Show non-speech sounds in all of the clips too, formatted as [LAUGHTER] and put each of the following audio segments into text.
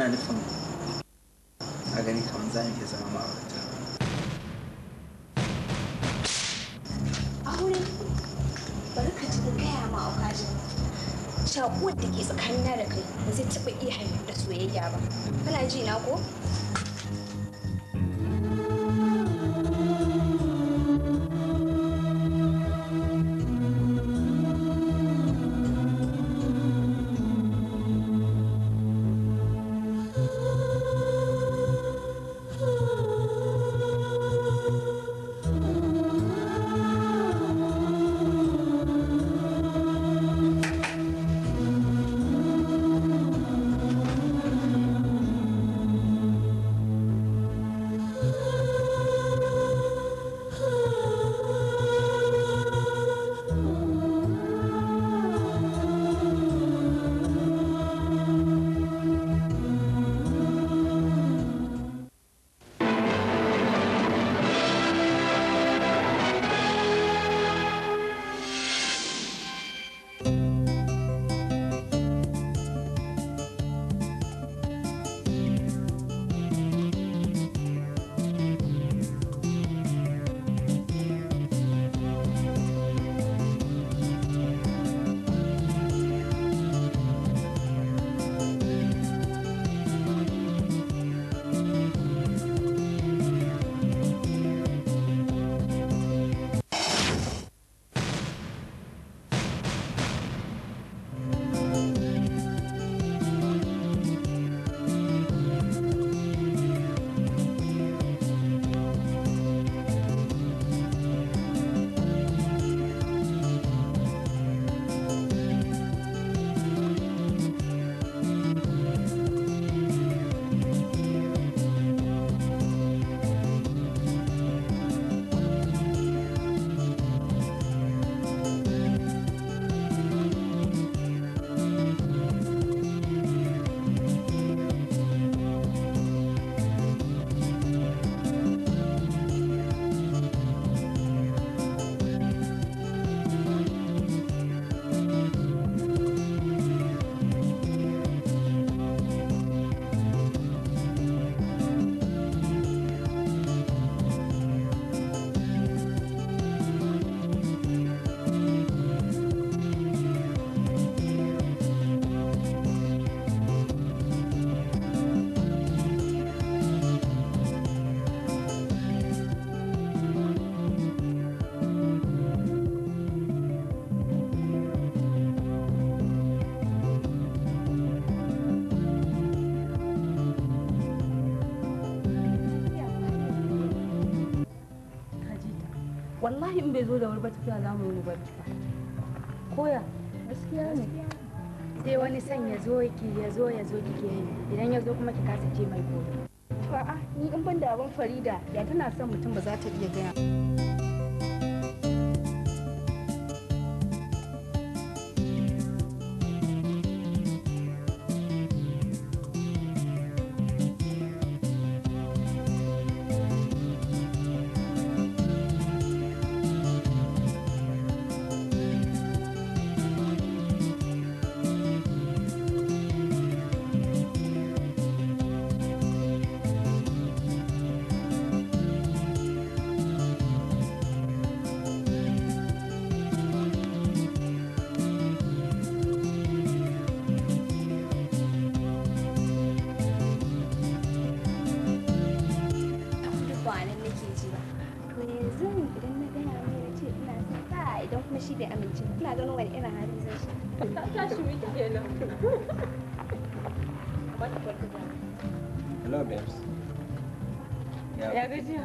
ina nufin a gani kamar za mu iya zama ma'aurata aure bari ka ji gaya ma aukajin shakuwar da ke tsakanina da kai ba zai taɓa wallahi in bai zo da wuri ba tafiya za mu yi mu bar koya gaskiya ne sai wani son ya zo ki ya zo ya zo kike yi idan ya zo kuma ki kasa ce mai gobe a'a ni in ban da abin farida ya tana son mutum ba za ta iya gaya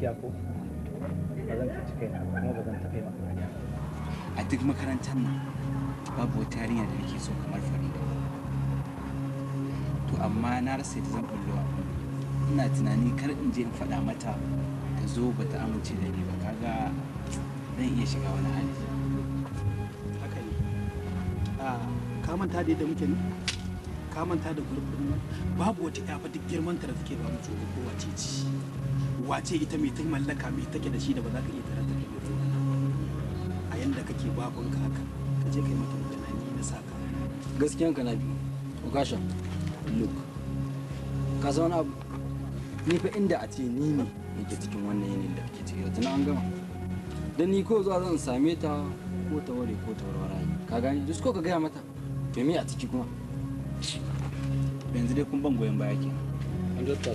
gaskiya ko ba zan kuma ba zan tafi ba a duk makarantar nan babu wata yarinya da nake so kamar farida to amma na rasa yadda zan bullowa ina tunani kar in je in faɗa mata ta zo ba ta amince da ni ba kaga zan iya shiga wani hali haka ne ah, ka manta da yadda muke ne ka manta da gurbin babu wata ƴafa duk girman ta da take ba mu tsoro ko wace ce wace ita mai ta mallaka mai take da shi da ba za ka iya tara ta kai mutu a yanda kake babun ka haka ka je kai mata magana ni na saka gaskiyan ka na biyu ukasha look ka san abu ni fa inda a ce ni ne nake cikin wannan yanayin da kake ciki yanzu na an gama dan ni ko zuwa zan same ta ko ta ware ko ta warware ka gani duk ko ka gaya mata to me a ciki kuma yanzu dai kun ban goyon baya kenan 100%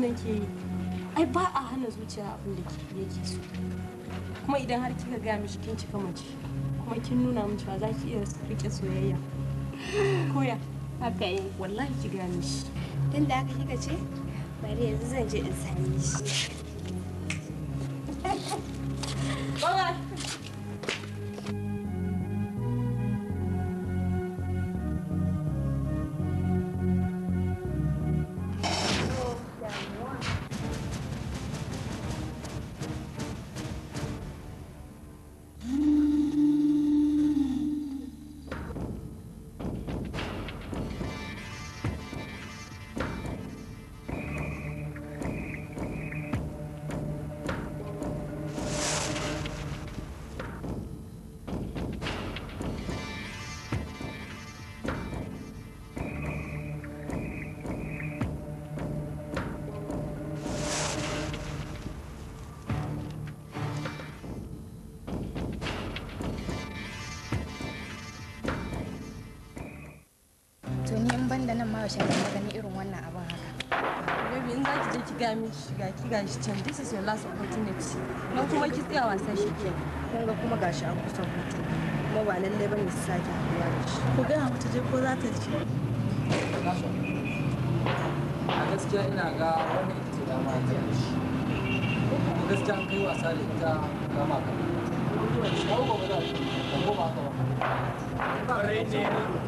shi ke yi ai ba a hana zuciya abin da yake so kuma idan har kika gaya mishi kin cika mace kuma kin nuna mun cewa zaki ki iya rike soyayya koya haka yi wallahi ki gaya mishi tunda haka kika ce bari yanzu zan je in same shi da nan ma yaushe ka gani irin wannan abin haka Baby in za ki je ki ga mi ga ki ga shi can this is your last opportunity na kuma ki tsaya wasan shi ke kun ga kuma gashi an kusa hutu kuma ba lalle ba ne su sake haɗuwa da shi ku mu ta je ko za ta ci a gaskiya ina ga wani ita ce dama ta kuma gaskiya an kai wasa da ita ko ba ba ko ba ka ba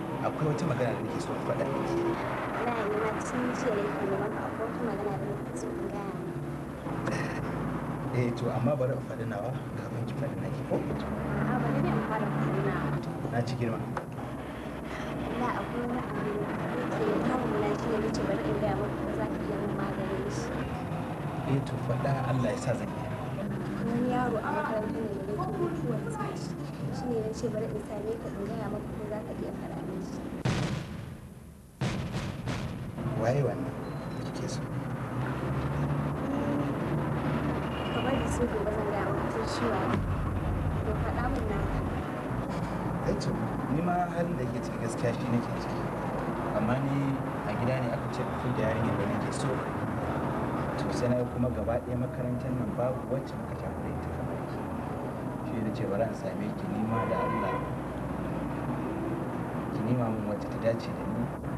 akwai wata magana da nake so in faɗa miki jiya wata magana da eh to amma bari in faɗi nawa kafin ki faɗi naki ko a'a bari ne in fara faɗi nawa na ci girma na akwai wani abu da ke kawo na shi ne ce bari in gaya maka ko za ka iya min maganin shi eh to faɗa Allah ya sa zan yi wani yaro a makarantar ne da yake mutuwar tsaci shi ne ce bari in same ka in gaya maka ko za ka iya faɗa waye wannan kike so Aito, ni ma halin da ke ciki gaskiya shi ke ciki. Amma ni a gida ne aka ce fi da yarinyar da nake so. To sai na kuma gaba ɗaya makarantar nan babu wacce muka shafi da ita kamar ki. Shi da ce bari in same ki ma da Allah. Ki nima min wacce ta dace da ni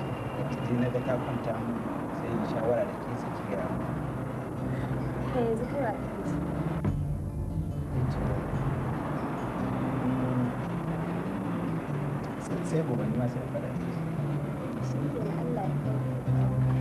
da ta na ga ta kwanta mu sai yi shawara da ke saki ga eh, sai gobe ma sai Allah ya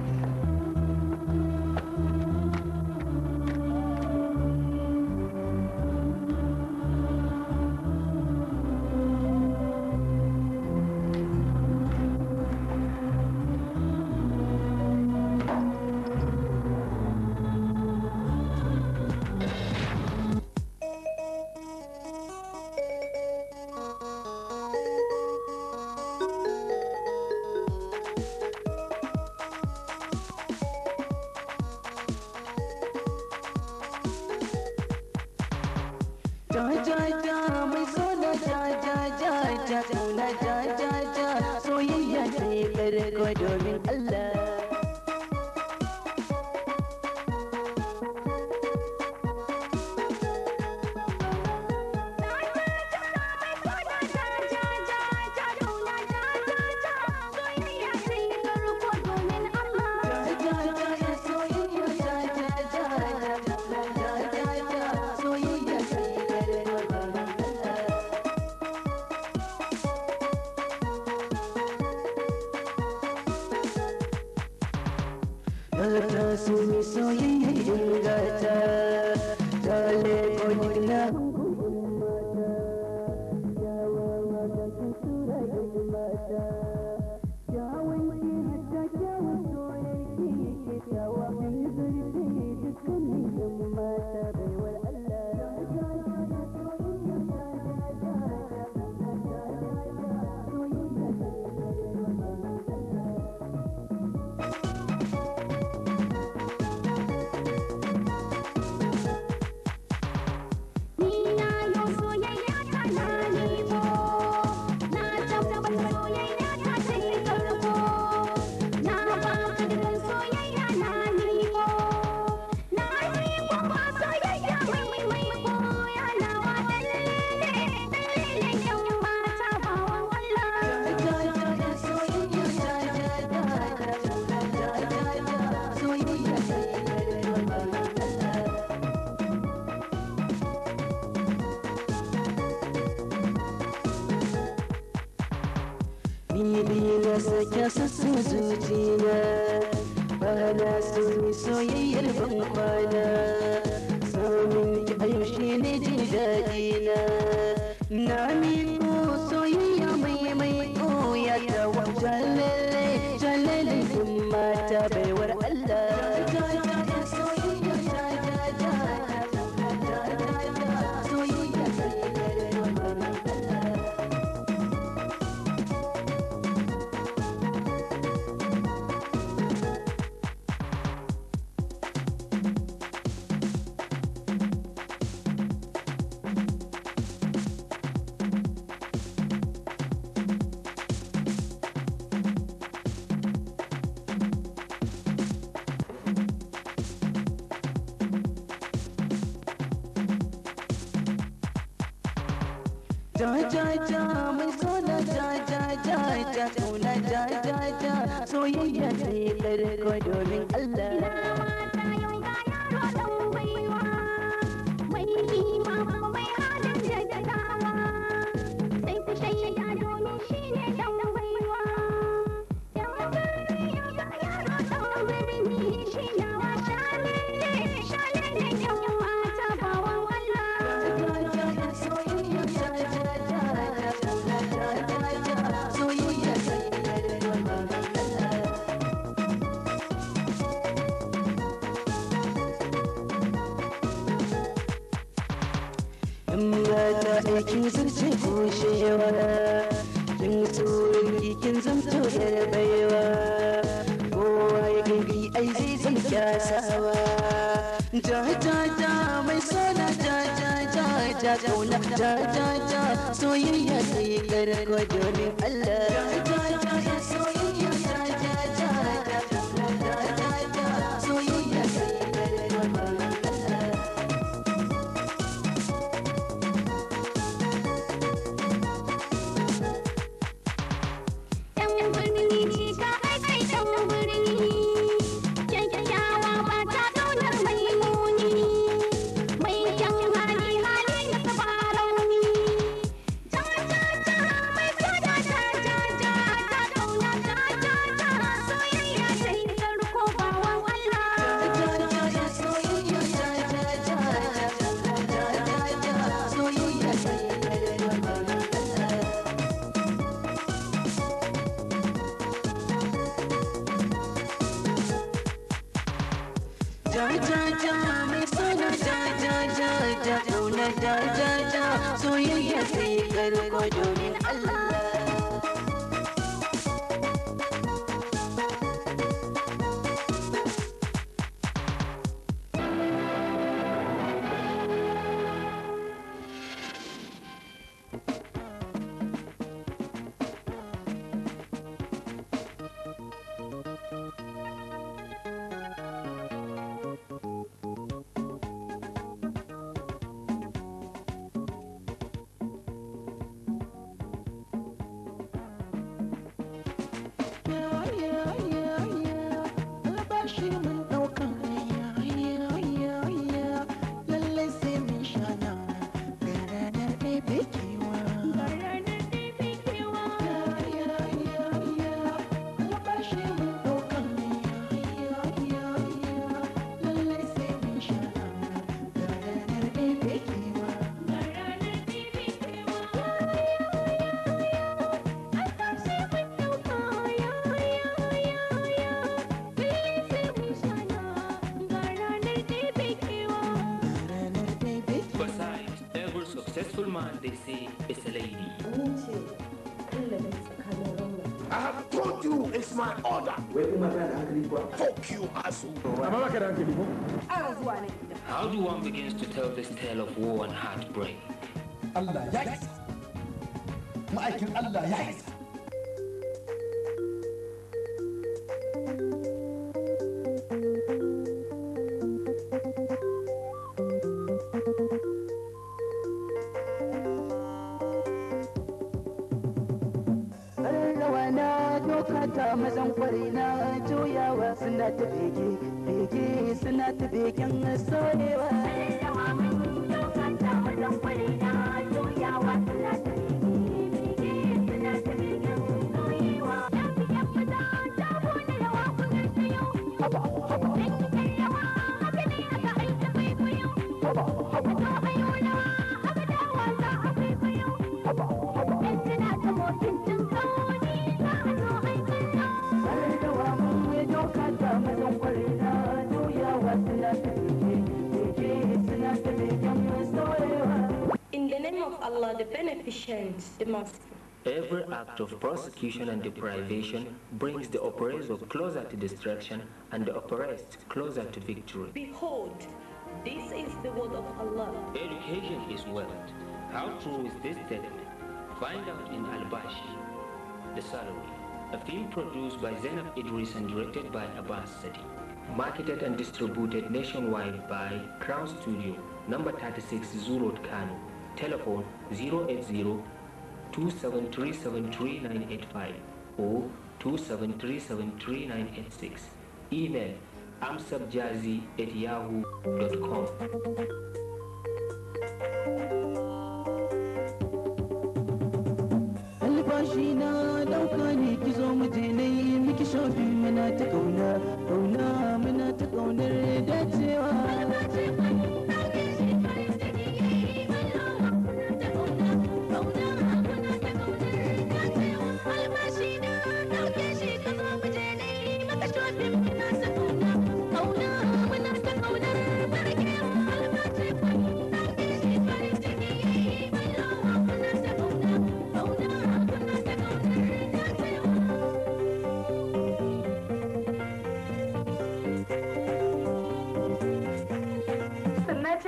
ja ja ja mai sona ja ja ja ja kauna ja ja ja soyayya sai karko ne Allah successful man, they say, is a lady. I have brought you it's my order. Fuck you, asshole. How do one begins to tell this tale of war and heartbreak? Allah, yes. Allah, yes. act of prosecution and deprivation brings the oppressor closer to destruction and the oppressed closer to victory. Behold, this is the word of Allah. Education is wealth. How true is this statement? Find out in Al-Bash, The Salary, a film produced by Zainab Idris and directed by Abbas Sadi. Marketed and distributed nationwide by Crown Studio, number 36 Zurot Kano. Telephone 080 Two seven three seven three nine eight five or two seven three seven three nine eight six. Email amsubjazi at yahoo.com. Albashina dauka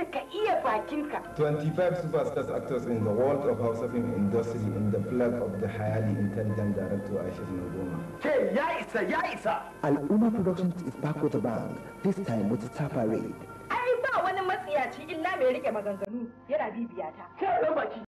kamata ka iya bakinka. 25 superstars actors in the world of Hausa film industry in the flag of the highly intelligent director Ashir Nagoma. Ke ya isa ya isa. Al'umma Productions is back with a bang, this time with Star Parade. Ai ba wani matsiyaci illa mai rike maganganu yana bibiya ta. Ke baki.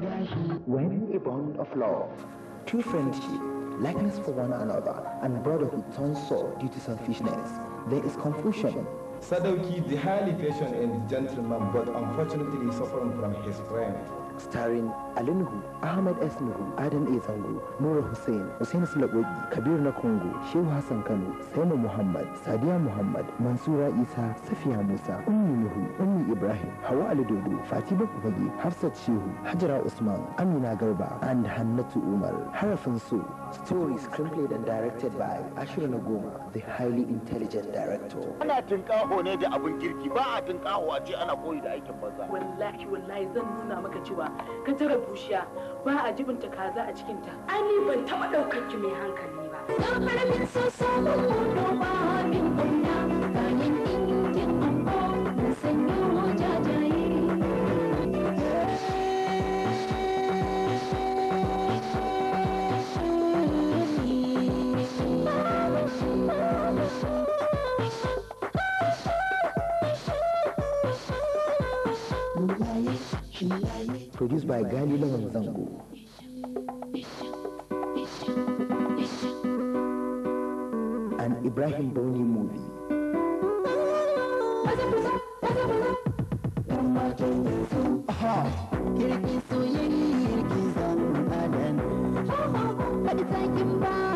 Ibrahim when a bond of love, true friendship, likeness for one another, and brotherhood turns sore due to selfishness, there is confusion. is the highly patient and gentleman, but unfortunately suffering from his friend. starring Nuhu Ahmad S. Nuhu, Adam A. Zango, Nura Hussein, Hussein Sulagogi, Kabir na Shehu Hassan Kano, Saima Muhammad, Sadiya Muhammad, Mansura Isa, Safiya Musa, Ummi Nuhu, Ummi Ibrahim, Hawa Ali Dodo, Fatiba Kufagi, Hafsat Shehu, Hajara Usman, Amina Garba, and Hannatu Umar. Harafin So, story screenplayed and directed by Ashura Nagoma, the highly intelligent director. Ana tunkaho ne da abun kirki ba a a ce ana koyi da aikin banza. Wallahi wallahi zan nuna maka cewa ka tara bushiya ba a jibinta kaza a cikinta ani ban taɓa ɗaukar ki mai hankali ba dan karamin so samu ba min gwamna produced by Galila Nzangu. An Ibrahim Boni movie. Hadi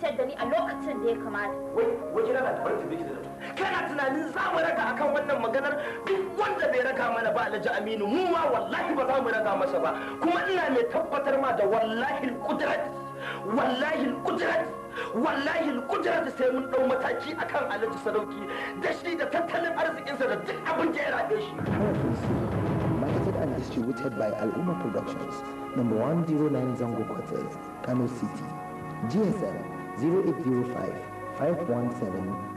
ciyar da ni a lokacin da ya kamata. Wai, wai kina na tabar biki da Kana tunanin za mu a akan wannan maganar duk wanda bai raka mana ba Alhaji Aminu mu ma wallahi ba za mu raka masa ba. Kuma ina mai tabbatar ma da wallahi kudrat wallahi kudrat wallahi kudrat sai mun dau mataki akan Alhaji Sadauki da shi da tattalin arzikinsa da duk abin da ya rabe shi. and distributed by Al Umma Productions, number 109 Zango Quarters, Kano City, GSM 0805 517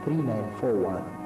3941.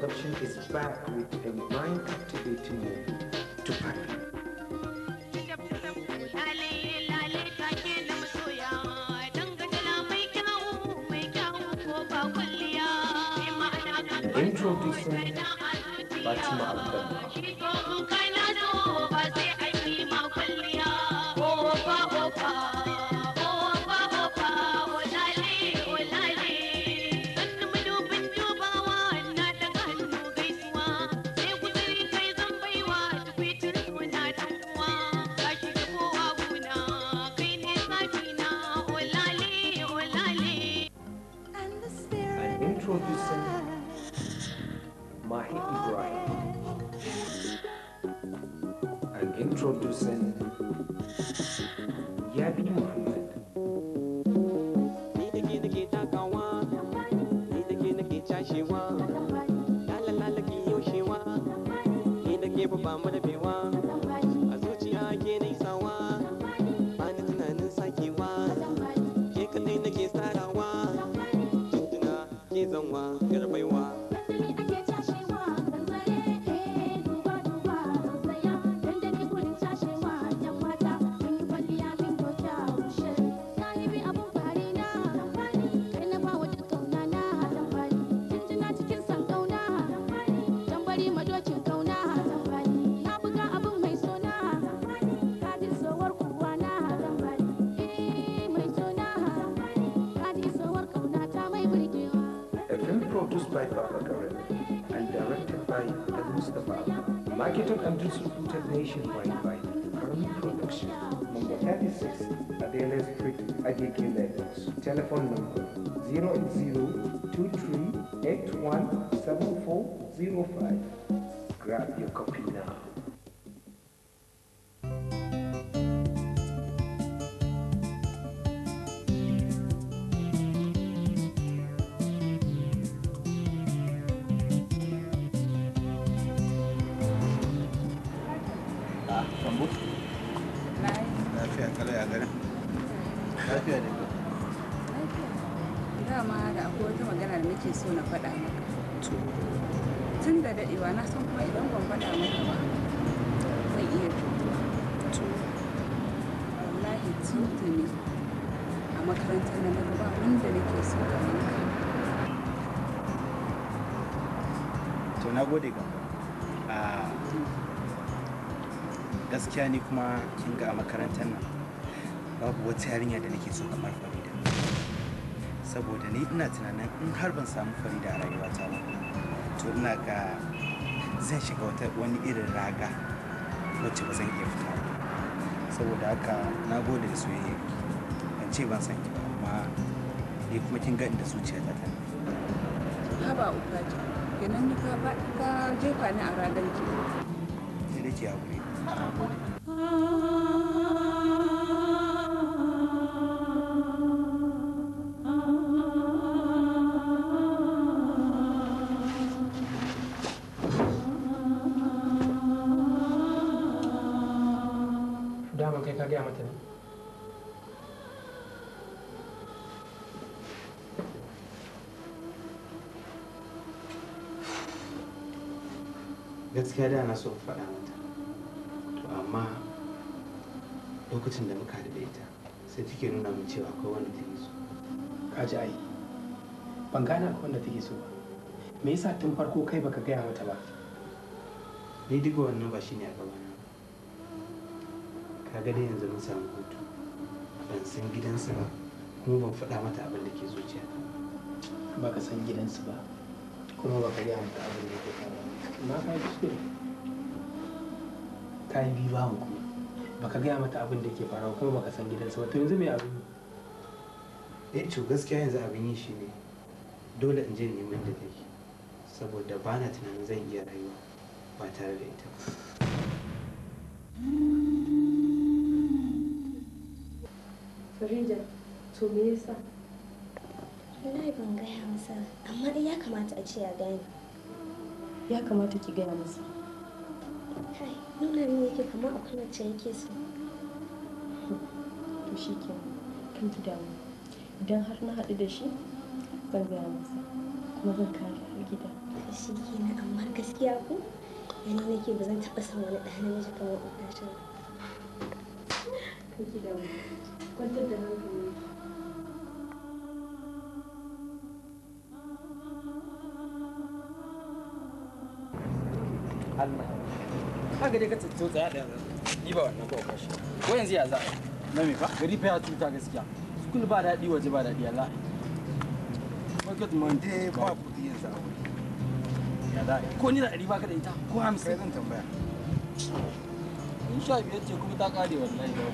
production is back with a mind-activating to party. Introducing Fatima Abdullah. targeted and distributed nationwide by Army Production. Number 36, Adela Street, Adiki Lagos. Telephone number 080 Grab your copy. makaranta na ba nake so da to na gode ga ah, gaskiya ni kuma kin ga makarantar nan babu wata yarinya da nake so kamar farida saboda ni ina tunanin in har ban samu farida a rayuwata ba to ina ga zan shiga wata wani irin raga wacce ba zan iya fita ba saboda haka na gode da soyayya ce ban san ki ba amma ni kuma kin ga inda zuciya ta ta haba ubaji kenan ni ka ba ka jefa ni a ragar ki ne da ki hakuri na gode gaskiya da na so faɗa mata to amma lokacin da muka da ita sai take nuna min cewa akwai wanda take so ka ji ai ban gane akwai wanda take so ba me yasa tun farko kai baka gaya mata ba ni duk wannan ba shine a gaba Ka kaga dai yanzu mun samu hutu ban san gidansa ba kuma ban faɗa mata abin da ke zuciya ba ka san gidansu ba kuma ba ka gaya mata abin da yake faruwa amma yi kuskure ka ba ka gaya mata abin da ke faruwa kuma ba ka san gidansa ba to yanzu mai abin yi eh to gaskiya yanzu abin yi shi ne dole in je neman da take saboda ba na tunanin zan iya rayuwa ba tare da ita ba Farida, to me yasa? Wallahi ban gaya masa, amma dai ya kamata a ce ya gane. Ya kamata ki gaya masa. Kai, nuna ne yake kamar akwai wacce yake so. To shi ke kan ki damu. Idan har na haɗu da shi, zan gaya masa. Kuma zan kare har gida. Shi ke na amma gaskiya ku? Yana nake ba zan taɓa son wani ɗan namiji kamar ɗan shi. Kan ki damu. Kwantar da hankali. dai ka tsotso tsaya da ni ba wannan ba kashi ko yanzu ya za na me fa gari fa ya cuta gaskiya sukul ba daɗi waje ba daɗi Allah market man dai eh, ba kuɗi yanzu a wuri ya za ko ni da ɗari ba ka da ita ko 50 sai zan tambaya in sha biyar ce kuma ta ƙare wallahi ba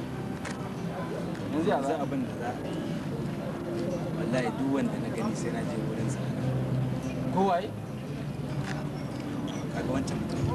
yanzu ya za abin da za a wallahi duk wanda na gani sai na je wurin sa ko waye kaga wancan mutum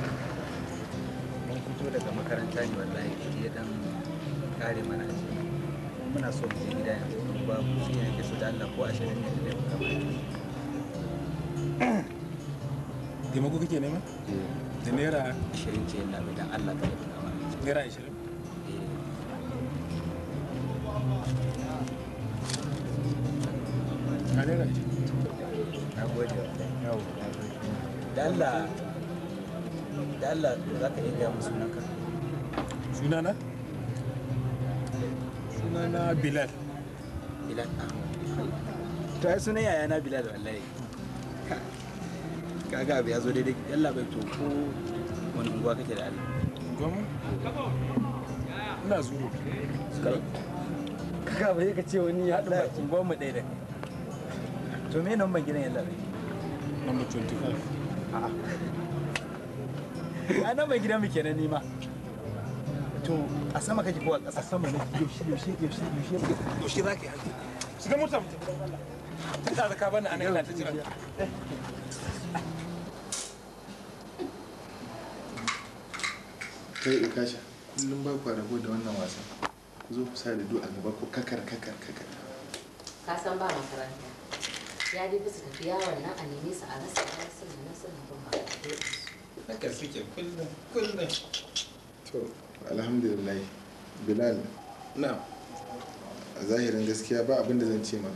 fito daga makaranta ne wallahi ya dan kare mana muna so mu je gida yanzu mun ba mu shi yake so da Allah ko ashirin ne da muka bayar taimako kake nema eh. da naira ashirin ce yana mai dan Allah ta yi ma naira ashirin eh. naira ashirin na gode da Allah Allah za ka iya mu sunanka sunana sunana bilal bilal ah. to ai sunan yayana bilal wallahi kaga abu ya zo daidai bai to wani unguwa kake da Allah gwamu ina zuru kaga ba ka ce wani ya haɗu bakin gwamu ɗaya da to me nan ban gidan yalla bai number 25 a nan mai gidan mu kenan nima to a sama kake ko a ƙasa sama ne yaushe yaushe yaushe yaushe yaushe za ka yi hankali shiga mota mu ta da ka bani a nan ta jira kai kasha kullum ba ku rabo da wannan wasan zo ku sa da du a gaba ko kakar kakar kakar ka san ba makaranta ya dai bisa tafi yawon nan a neme su a rasa a rasa na suna bin ba haka suke kullum kullum to alhamdulillah bilal na a zahirin gaskiya ba abin da zan ce maka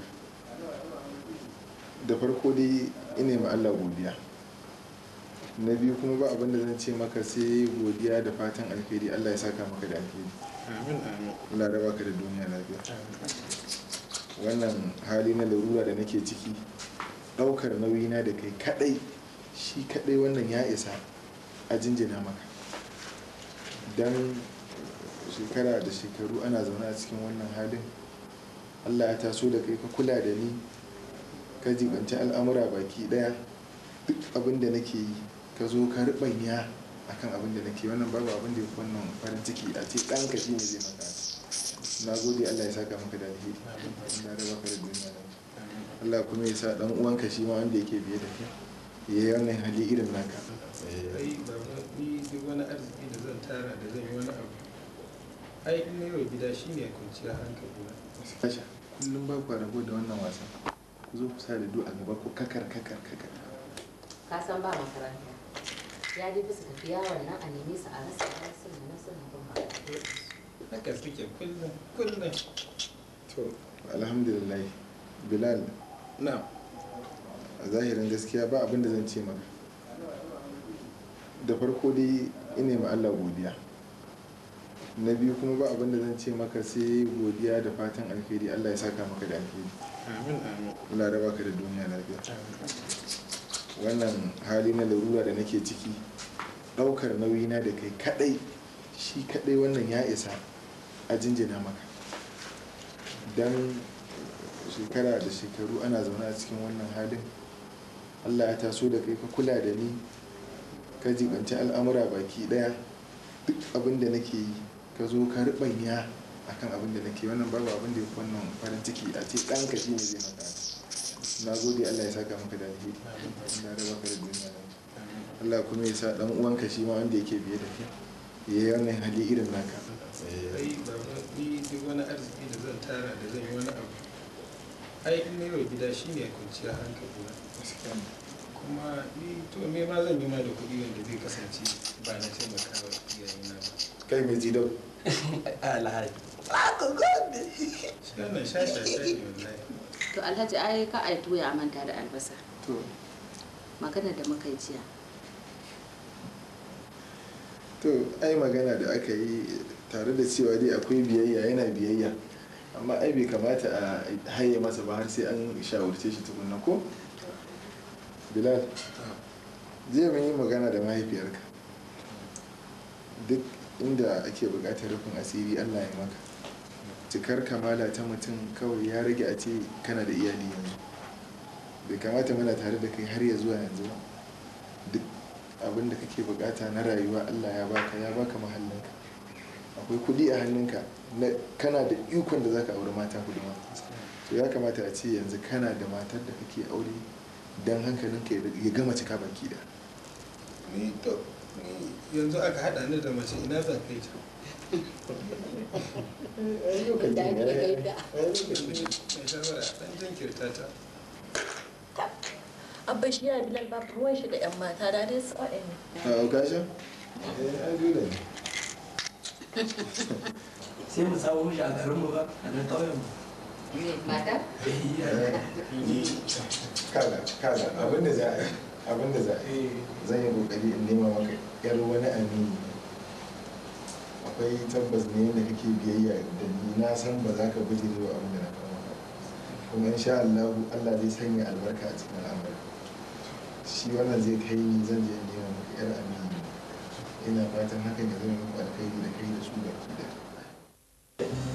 da farko dai ina ma Allah godiya na biyu kuma ba abin da zan ce maka sai godiya da fatan alheri Allah ya saka maka da alheri amin amin raba ka da duniya lafiya wannan hali na larura da nake ciki daukar nauyina da kai kadai shi kadai wannan ya isa a jinjina maka don shekara da shekaru ana zaune a cikin wannan halin allah ya taso da kai ka kula da ni ka jibanci al'amura baki daya duk abin da nake yi ka zo ka ribanya akan abin da nake wannan babu abin da ya wannan farin ciki a ce ɗan ka ne zai maka na gode allah ya saka maka da alheri na raba ka da duniya allah kuma ya sa ɗan uwanka shi ma wanda yake biye da kai ya yi wannan hali irin naka eh. wani arziki da zan tara da zan yi wani abu ai in na yau gida shi ne kwanciya hankali na kullum ba ku rago da wannan wasan ku zo ku sa da du gaba ku kakar kakar kakar ka san ba makaranta ya dai bisa tafi yawon nan a nemi su a rasa a rasa da nasu na bin makaranta haka suke kullum kullum to alhamdulillah bilal na a zahirin gaskiya ba abin da zan ce maka da farko dai ina ma Allah godiya na biyu kuma ba abinda zan ce maka sai godiya da fatan alheri Allah ya saka maka da alheri amin amin Allah raba ka da duniya lafiya wannan hali na larura da nake ciki daukar na da kai kadai shi kadai wannan ya isa a jinjina maka dan shekara da shekaru ana zaune a cikin wannan halin Allah ya taso da kai ka kula da ni ka jibanci al'amura baki daya duk abin da nake yi ka zo ka ribanya akan abin da nake wannan babu abin da ya wannan farin ciki a ce ɗan shi ne zai maka na gode Allah ya saka maka da alheri na raba baka da duniya Allah kuma ya sa dan uwanka shi ma wanda yake biye da kai ya yi wannan hali irin naka ai ba ni duk wani arziki da zan tara da zan yi wani abu ai in ne gida shine kwanciya hankali na kuma ni to me ma zan yi ma da kuɗi wanda zai kasance ba na taimaka wa iyayena ba kai mai jido [LAUGHS] alhaji haka gobe shana shasha shani wallahi to alhaji ai ka ai tuya manta da albasa to magana da muka yi jiya to ai magana da aka yi tare da cewa dai akwai biyayya yana biyayya amma ai bai kamata a haye masa ba har sai an shawarce shi tukunna ko bilal jiya mun yi magana da mahaifiyarka duk inda ake bukatar rufin asiri allah ya maka cikar kamala ta mutum kawai ya rage a ce kana da iyali yanzu bai kamata muna tare da kai har ya zuwa yanzu ba duk abin da kake bukata na rayuwa allah ya baka ya baka mahallinka akwai kudi a hannunka kana da ikon da zaka aure mata hudu ma to ya kamata a ce yanzu kana da matar da kake aure don hankalinka ya gama cika baki da yanzu aka haɗa ni da mace ina za ka yi ta abba shi yana bilal ba ruwan shi da yan mata da dai su ne. a kashin? eh dole ne sai mu samu shi a garinmu ba a nan mu mata? kada abinda za a yi zan yi kokari in nema maka yar wani amini akwai tabbas ne da kake biyayya da ni na san ba za ka guje zuwa abin da na kama ba kuma insha Allah Allah zai sanya albarka a cikin al'amari shi wannan zai kai ni zan je in nema maka yar amini ina fatan hakan ya zama muku alkhairi da kai da su baki da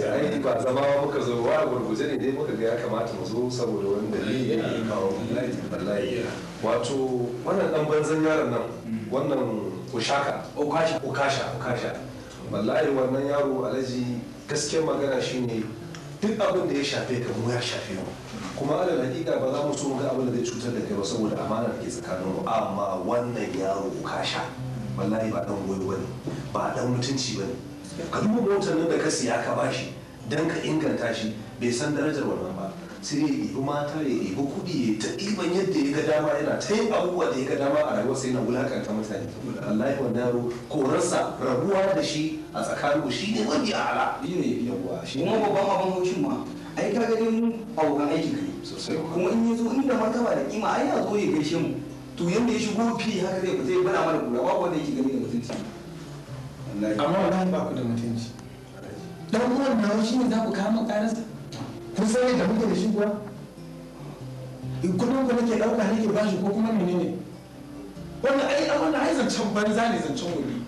ai ba zama muka zo wa gurguje ne dai muka ga ya kamata mu zo saboda wani dalili ya kawo wallahi wato wannan dan banzan yaron nan wannan ushaka ukasha ukasha ukasha wallahi wannan yaro alaji gaskiyar magana shine duk abin da ya shafe ka mu ya shafe mu kuma alal hakika ba za mu so mu ga abin da zai cutar da kai ba saboda amana da ke tsakanin mu amma wannan yaro ukasha wallahi ba dan goyo bane ba dan mutunci bane ka duba motar nan da ka siya ka bashi dan ka inganta shi bai san darajar wannan ba sai ya ibi mata ya ibi kuɗi ya ta iban yadda ya ga dama yana ta yin abubuwa da ya ga dama a rayuwar sai na wulakanta mutane Allah wa naro korarsa rabuwa da shi a tsakanin shi ne wani ala yi ne yawa shi kuma babban abin hocin ma ai ka ga mu a wurin aikin kai kuma in ya zo inda ba da kima ai ya zo ya gaishe mu to yanda ya shigo fi haka zai fita ya bana mana kura babu wanda yake gani da mutunci amma wallahi ba ku da mutunci dan uwan nawa shi ne za ku kama karansa kun sani da muke da shi kuwa kudin ku nake dauka nake bashi ko kuma menene wannan ai wannan ai zancen banza ne zancen wuri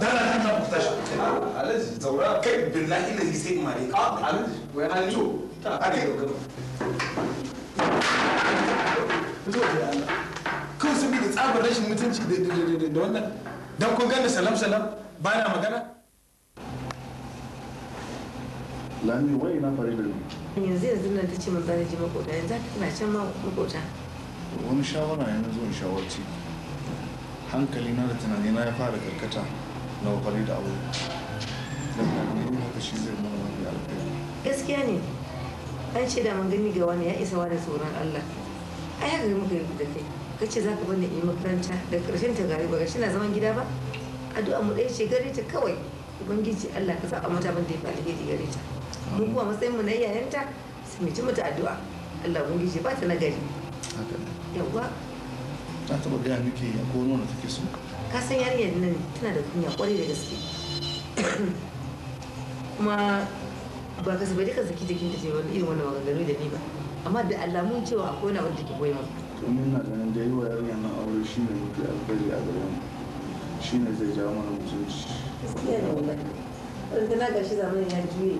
dala ta ta fita shi alaji zaura kai billahi lahi sai in mare ka alaji wai an to ta ake dogaro kawai saboda tsabar rashin mutunci da wannan dan kun gane salam salam ba na magana lami wai na fari da ni yanzu yanzu nan ta ce min da ji makota yanzu haka tana can ma makota wani shawara yana zo in shawarci hankali na da tunani na ya fara karkata na kwarai da abu da ne haka shi zai mana wani alkhairi gaskiya ne an ce da gani ga wani ya isa wani tsoron Allah ai haka muka yi da kai kace ka bani in makaranta da karshen ta gari ba shi na zaman gida ba addu'a mu ɗaya ce gare ta kawai ubangiji Allah ka a mata ban da ya da gare ta mun kuma matsayin mu na yayanta sai mai ci mata addu'a Allah ubangiji ba ta nagari yawwa ta taba gaya miki ko nuna take so ka san yarinyar nan tana da kunya kwarai da gaske kuma ba ka sabai duka saki jikin ta ce wani irin wannan maganganu da ni ba amma da alamun cewa akwai wani wanda ke koyi maka domin na ganin da yi wa yarinyar nan aure shi ne mutu alfari a gaban mu shi ne zai ja mana mutunci gaskiya ne wannan rintana ga shi zamanin ya juye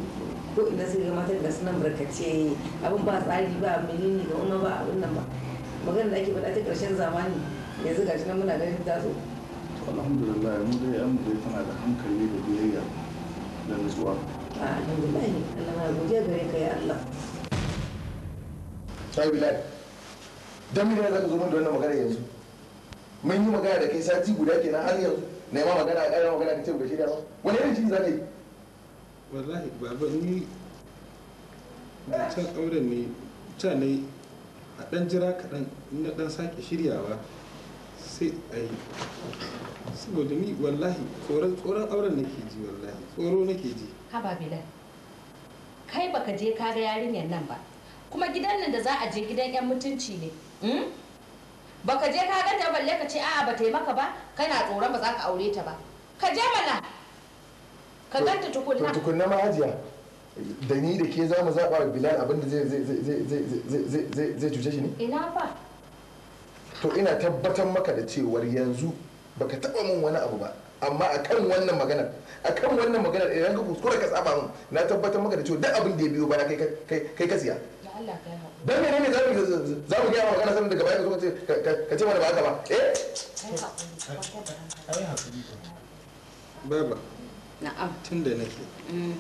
ko ina sai ga matan da sunan barkace abin ba tsari ba menene ga wannan ba abin nan ba magana da ake faɗa ta karshen zamani yanzu gashi nan muna ganin ta zo alhamdulillah mu dai an mu dai tana da hankali da biyayya da nutsuwa alhamdulillah Allah ma godiya gare ka ya Allah sai bilal dan me ne zaka zo mun da wannan magana yanzu mun yi magana da kai sati guda kenan har yanzu na ma magana a ƙarar magana da ce ba shirya ba wani irin shi za ka yi wallahi baba ni da can auren ne can ne a ɗan jira kaɗan in na ɗan sake shiryawa sai a yi saboda ni wallahi tsoron tsoron auren nake ji wallahi tsoro nake ji haba bilal kai baka je ka ga yarinyar nan ba kuma gidan nan da za a je gidan yan mutunci ne hmm? baka je ka ganta balle ka ce a'a ba taimaka ba kana tsoron ba za ka aure ta ba ka je mana ka ganta tukunna tukunna ma hajiya da ni da ke za mu zaɓa wa bilal abinda zai zai cuce shi ne ina fa to ina tabbatar maka da cewar yanzu baka taɓa min wani abu ba amma akan wannan maganar akan wannan maganar idan ka kuskura ka saba min na tabbatar maka da cewa duk abin da ya biyo ba kai kai kai ka siya Allah ka haƙuri dan menene za mu za mu gaya magana sanin daga baya ka zo ka ce mana ba haka ba eh ai haƙuri baba na'am tunda nake mm.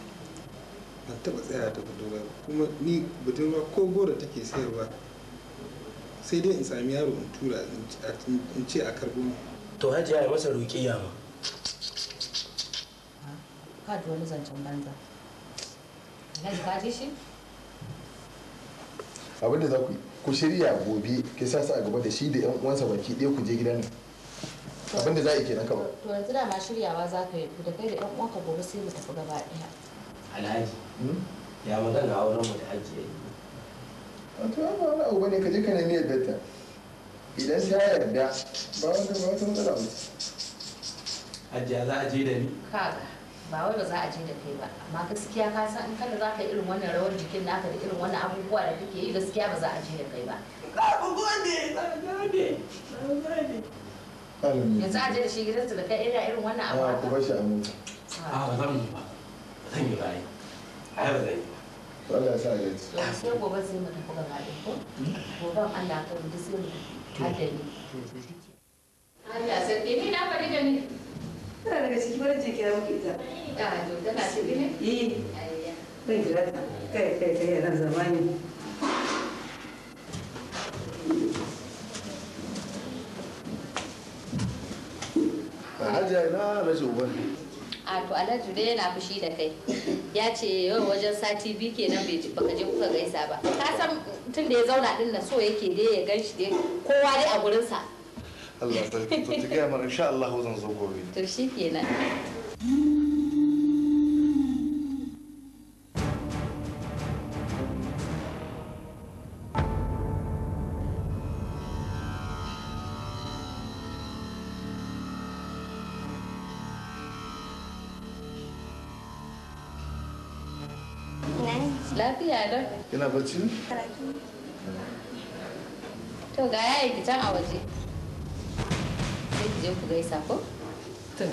ban taɓa tsaya ta budurwa ba kuma ni budurwa ko goro take sayarwa sai dai in sami yaro in tura in ce a karbo to hajiya ya masa ruƙiya ma ka wani zancen banza Alhaji ka ji shi? abinda za ku ku shirya gobe ke sa su a gaba da shi da yan uwansa baki ɗaya ku je gidan nan abinda za a yi kenan kawai to yanzu da ma shiryawa za ka yi ku da kai da yan uwanka gobe sai mu tafi gaba ɗaya alhaji hmm? ya magana auren mu da hajji yayi wato ba wani abu bane ka je ka nemi yadda ta idan ta yarda ba wata ba wata matsala ba hajji za a je da ni kaga ba wai ba za a je da kai ba amma gaskiya ka san in kada za yi irin wannan rawar jikin naka da irin wannan abubuwa da kake yi gaskiya ba za a je da kai ba yanzu a je da shi gidansa da kai ina irin wannan abu ba ah, ku bashi a mota ah. ah, a ba zan yi ba zan yi bayi a ba zan yi ba Allah ya sa ya ci sai gobe sai mu tafi gaba da ko gobe Allah ka rubuta sai mu tafi haddani Allah sai ni na fari da ni tana daga ciki barin je muke ita tana ciki ne eh ban kira ta kai kai kai zamani na A to dai yana fushi da kai. Ya ce yau wajen sati biyu kenan bai baka je kuka gaisa ba. Ka san tun da ya zauna din na so yake dai ya gan shi dai kowa dai a gurinsa. Allah ta ki gaya insha Allah zan zo gobe to shikenan Lafiya don? bacci? To ga yayi can a waje. जो गए साको तो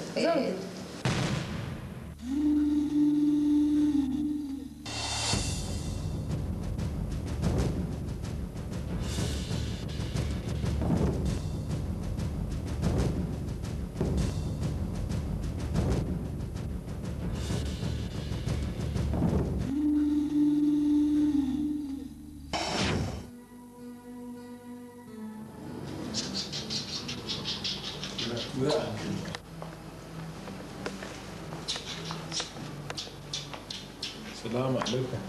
Salamu alaikum.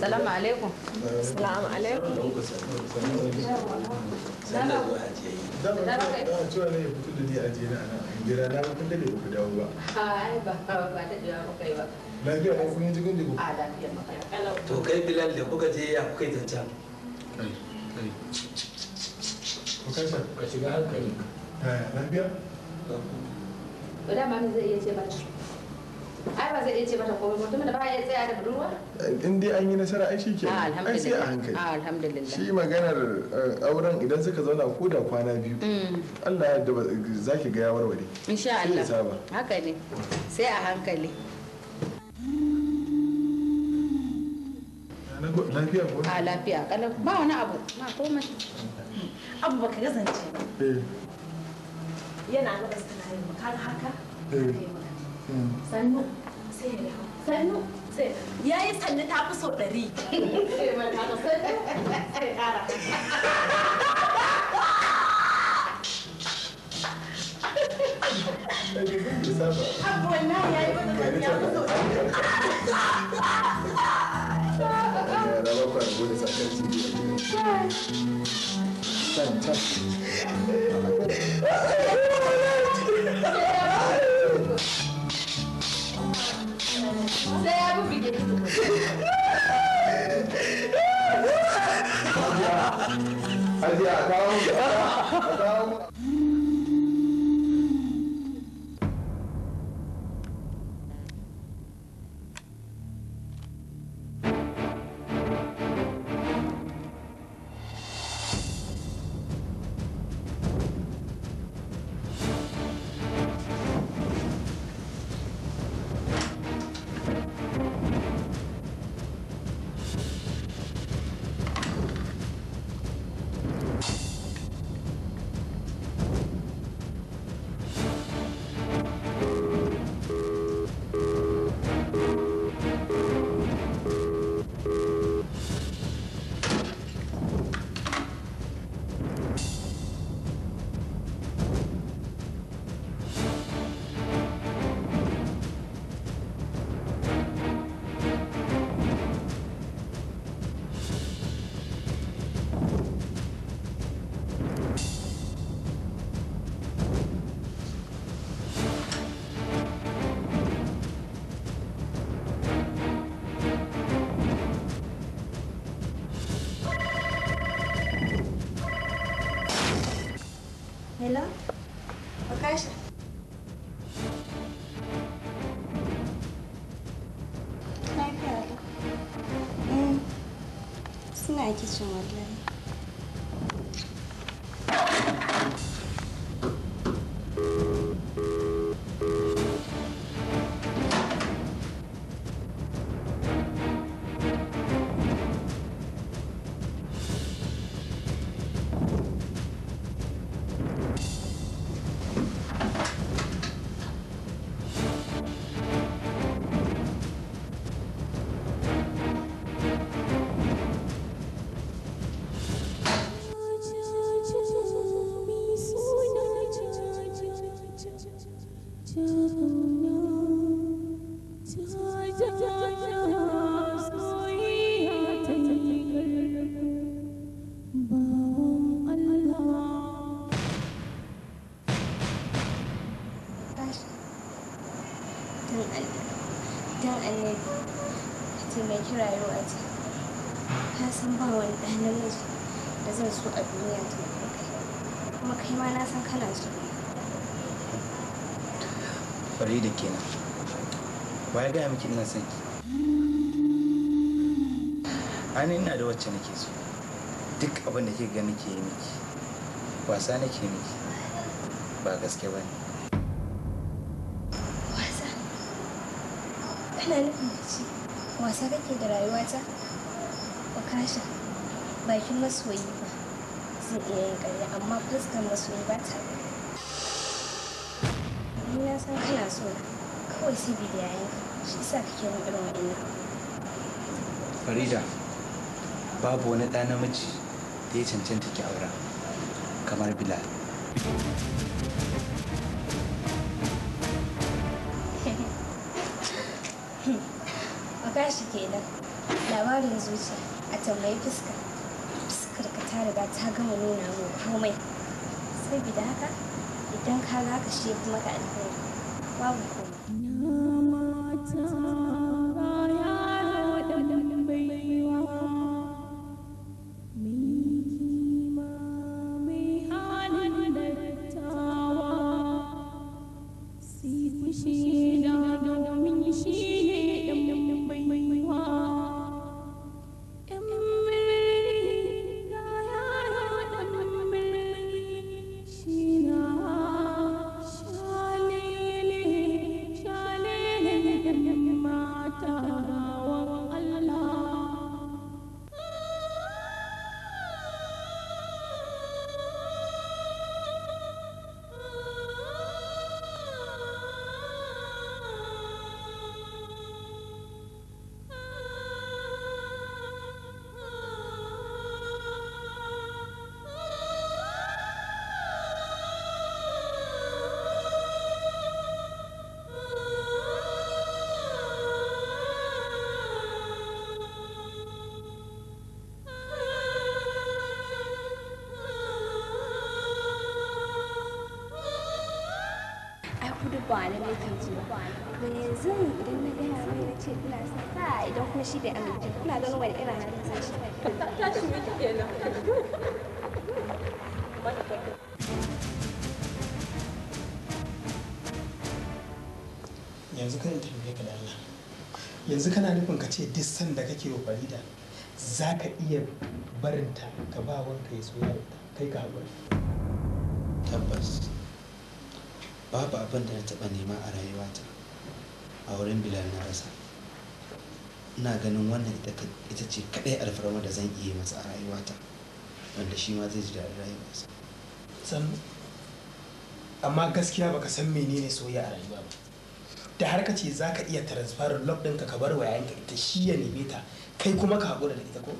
Salamu alaikum. Salamu alaikum. Sallar zuwa ajiyayi. Dama ta cewa ne ya fito da ni ajiye na nan a gida na kun dade ba ku dawo ba. Ai ba ba dadewa muka yi ba. Lafiya ba kai Bilal kuka je ya kuka yi ai ba zai iya ce mata komai mutumin da ba ya tsaya da budurwa in dai an yi nasara ai shike ah, ai sai a hankali ah, alhamdulillah shi maganar eh, auren idan suka zauna ko da kwana biyu mm. Allah ya yarda zaki ga ya warware insha Allah haka ne sai a hankali lafiya ko a ah, lafiya kalau ba wani abu ba komai abu baka gazance ba eh. yana gaba sana eh. yi maka haka sannu sannu ya yi sannu ta fi so ɗari Fantastic. Cego, é Miguel. [LAUGHS] Rapaziada, calma, calma. Знаете, что мы для da kenan ba ya gaya miki ina son ki an ina da wacce nake so duk abin da ke gani ke yi miki wasa nake miki ba gaske ba ne wasa kana nufin da ce wasa kake da rayuwata ba kasha bakin masoyi ba zai iya yin karya amma fuskar masoyi ba ta san kana so kawai sai bi da yayin shi sa kake min irin wa'annan Farida babu wani ɗa namiji da ya cancanta ki aura kamar Bilal. Maka [LAUGHS] shi kenan labarin zuciya a tambayi fuska fuskar ka ta riga ta gama nuna mu komai sabida haka idan ka za ka shi kuma ka alfahari Wow. kwanan nake ji ba yanzu idan na gaya mai na ce ina sa ka idan kuma shi bai amince ina ganin wani irin halin zai shi tashi miki kenan yanzu kan tambaye ka Allah yanzu kana nufin ka ce duk sanda kake wa Farida za ka iya barinta ka ba wanka ya soya kai ka haƙura tabbas babu abin da na taɓa nema a rayuwata a wurin bilal na rasa ina ganin wannan ita ce kaɗai alfarma da zan iya masa a rayuwata wanda shi ma zai ji daɗin rayuwarsa san amma gaskiya baka san menene soyayya a rayuwa ba da har ka ce za ka iya transfer love ɗinka ka bar wa yayanka ita shi ya neme ta kai kuma ka haƙura da ita ko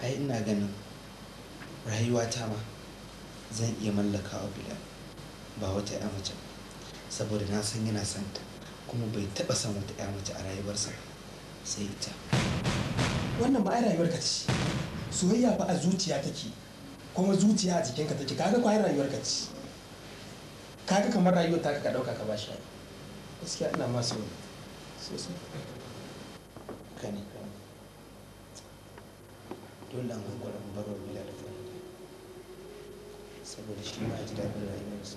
ai ina ganin rayuwata ma zan iya mallaka wa bilal ba wata ya mace saboda na san yana santa kuma bai taɓa san wata ya mace a rayuwarsa sai ita wannan ba ai ka ce soyayya ba a zuciya take kuma zuciya a jikinka take kaga rayuwar ka ce kaga kamar rayuwar ta ka dauka ka ba shi gaskiya ina ma so sosai ka ne dole an gwagwaran barwa bilal saboda shi ma ji daɗin rayuwarsa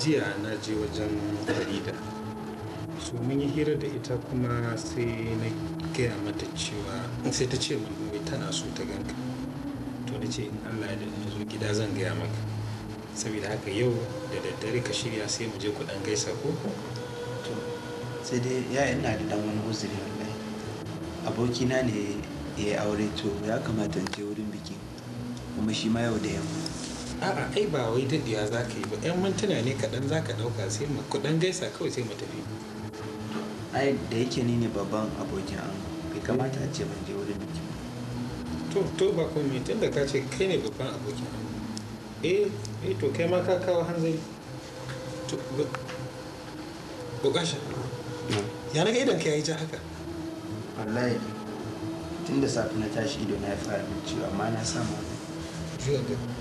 jiya na je wajen farida su mun yi hira da ita kuma sai na gaya mata cewa sai ta ce min mai tana so ta ganka to na ce in allah da na zo gida zan gaya maka saboda haka yau da daddare ka shirya sai mu je ku gaisa ko to sai dai ya ina da dan wani uzuri wallahi abokina ne ya yi aure to ya kamata in je wurin biki kuma shi ma yau da yamma a'a ai ba wai daɗewa za ka yi ba yan mintuna ne kaɗan za ka ɗauka sai ma kuɗan gaisa kawai sai mu tafi ai da yake ni ne babban abokin an bai kamata a ce ban je wurin biki to to ba ko me tunda ka ce kai ne babban abokin an eh eh to kai ma ka kawo hanzari to bugasha ya na idan idan ka yi ja haka wallahi tunda da safe na tashi ido na ya fara min ciwo amma na samu juya da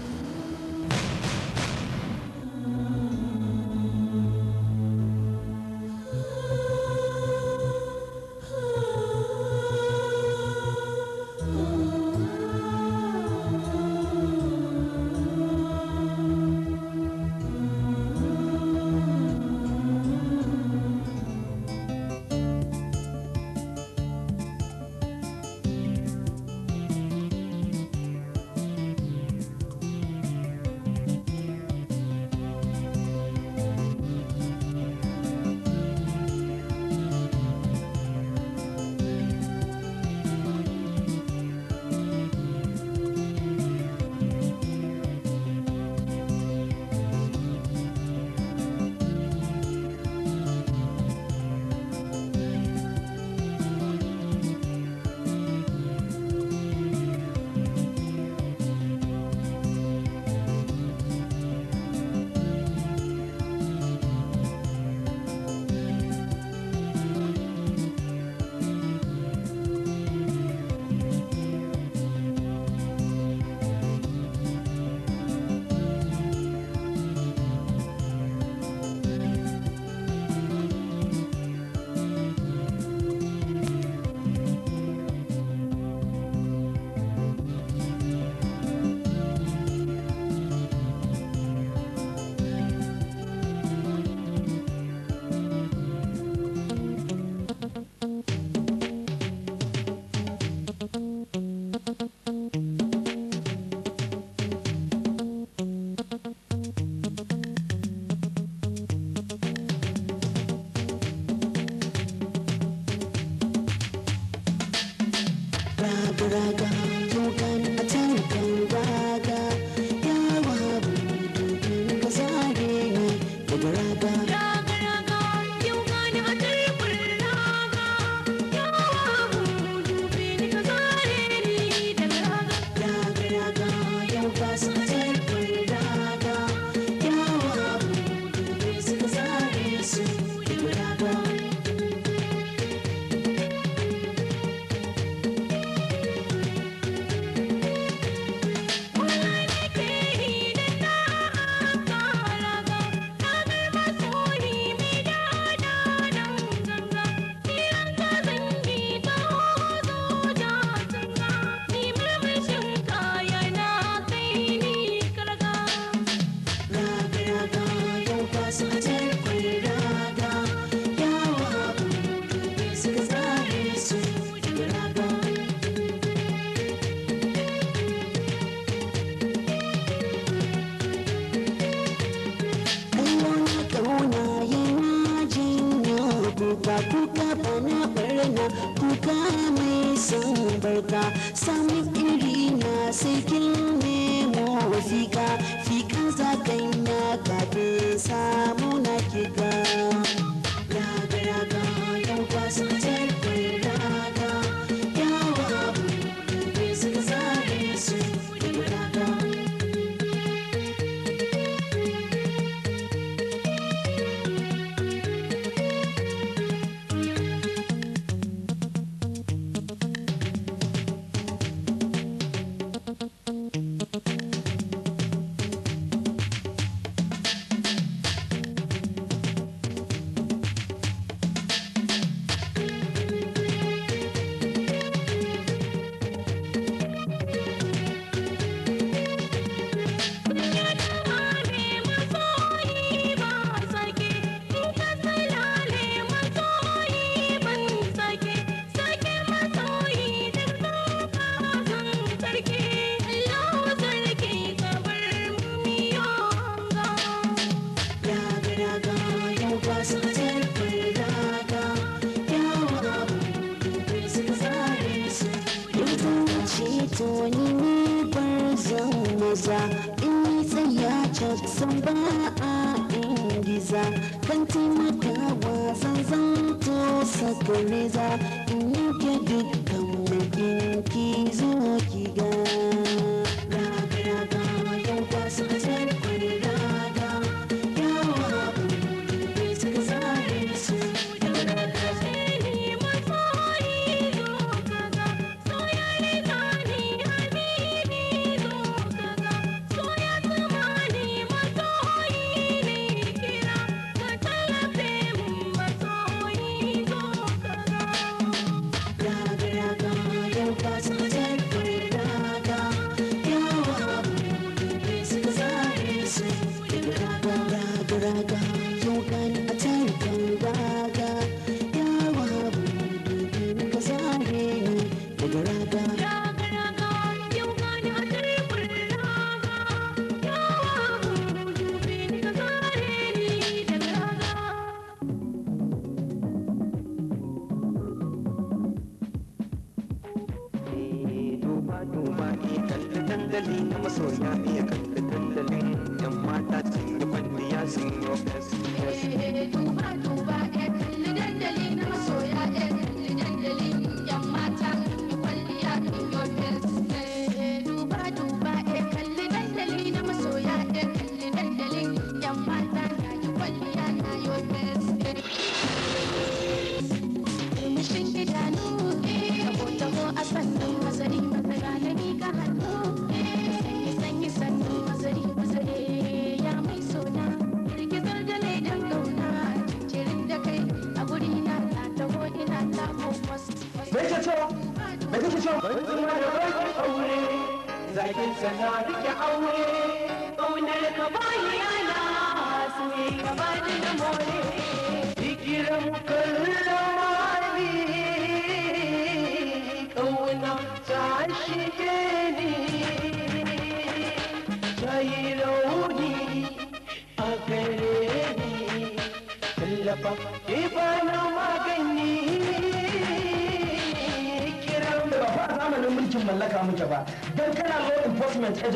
masoya iya kalli dandalin yan mata sun yi kwalliya sun yi fes fes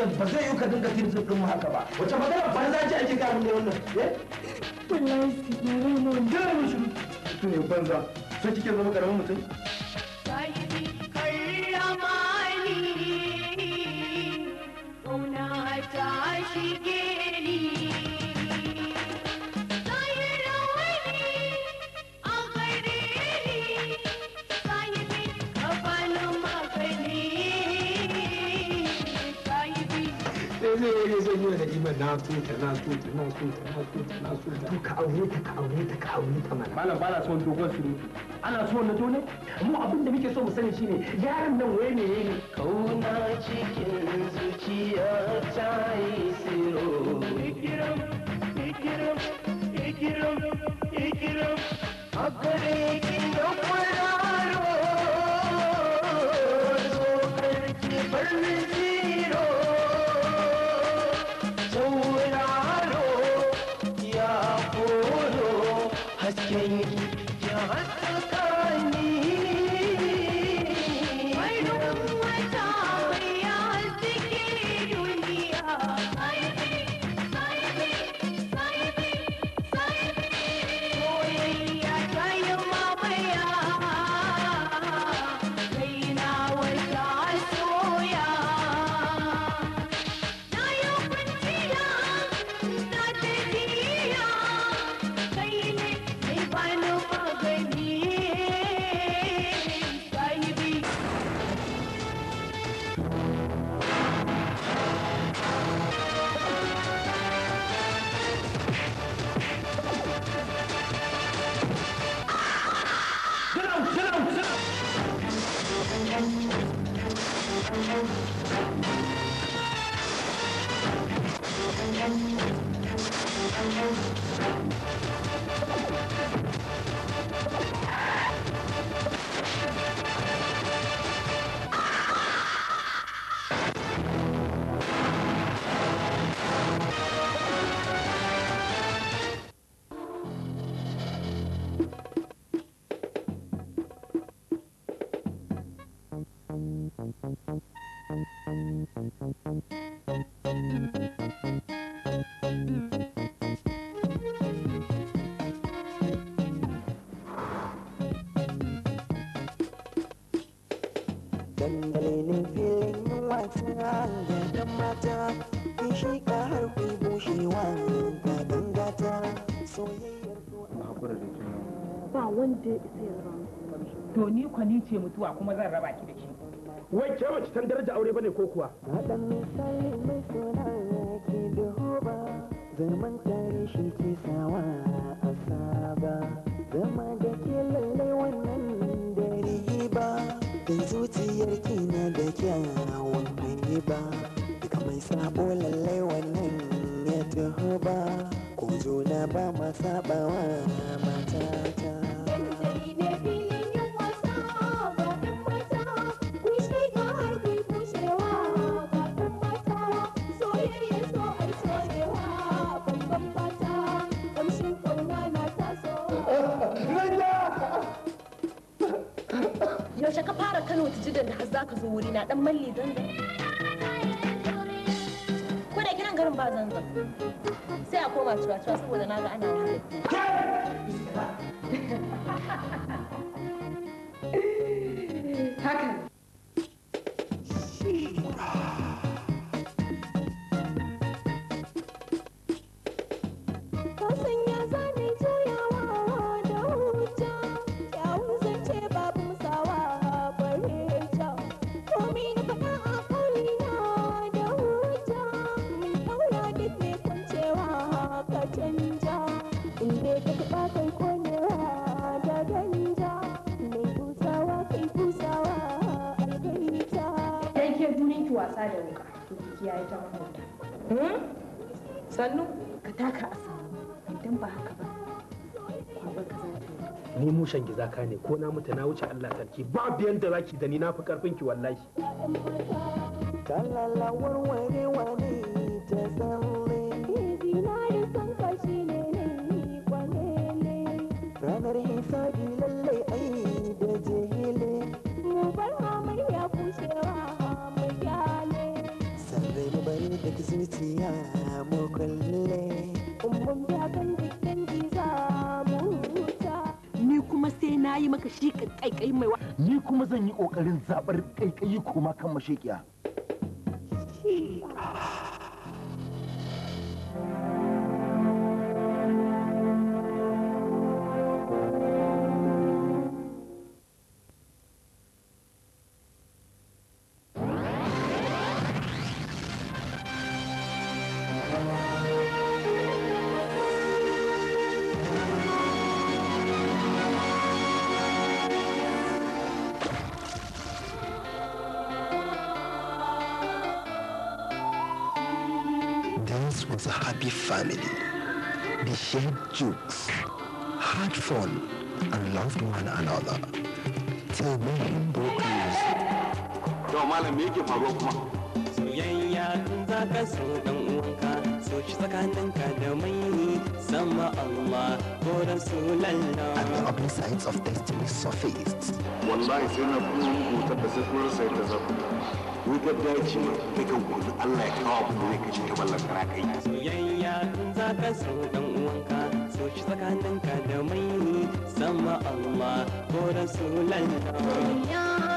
wajen ba zai yi ka dinga tirzin ɗin mu haka ba wace magana banza ce ake kawo ne wannan eh wallahi na rai ne dole mu to ne banza sai kike zama karamin mutum na so na so na so na so na so ta to ka aure ta ka aure ta ka aure ta mana malam bana son dogon surutu ana so na dole mu abin da muke so mu sani shine yaron nan waye ne ne kauna cikin zuciya ta yi siro mutuwa kuma zan raba ki da shi wai ke ba ki san daraja aure bane ko kuwa zaman tare shi ke sawa a saba zama da ke lallai wannan dare ba da zuciyar ki na da kyawun hanyar ba duka mai sabo lallai wannan ya taho ba ko zo na ba ma sabawa matata Kano ta jidan da har za ka zo wuri na dan malli zanzan. Ko da kiran garin ba zanzan. Sai a koma cuwa-cuwa saboda na ga ana wahala. mushen gizaka ne ko na mutu na wuce Allah sarki babu da zaki da ni na fi karfin ki wallahi. Kallalawar wani wani ta yi maka shi kaikayi mai wa ni kuma zan yi kokarin zabar kaikayi koma kan mashekiya iya faruwa kuma soyayya tun za ka so dan uwanka so shi tsakaninka da mai sama Allah ko lalla. and the ugly sides of destiny surfaced wallahi sai na kuma mutar da sai kuma sai ta zaku ni ga dace ma ta kan gobe Allah ya kawo ku ne kace ta ballan kana kai soyayya tun za ka so dan uwanka so shi tsakaninka da mai sama Allah ko rasulallah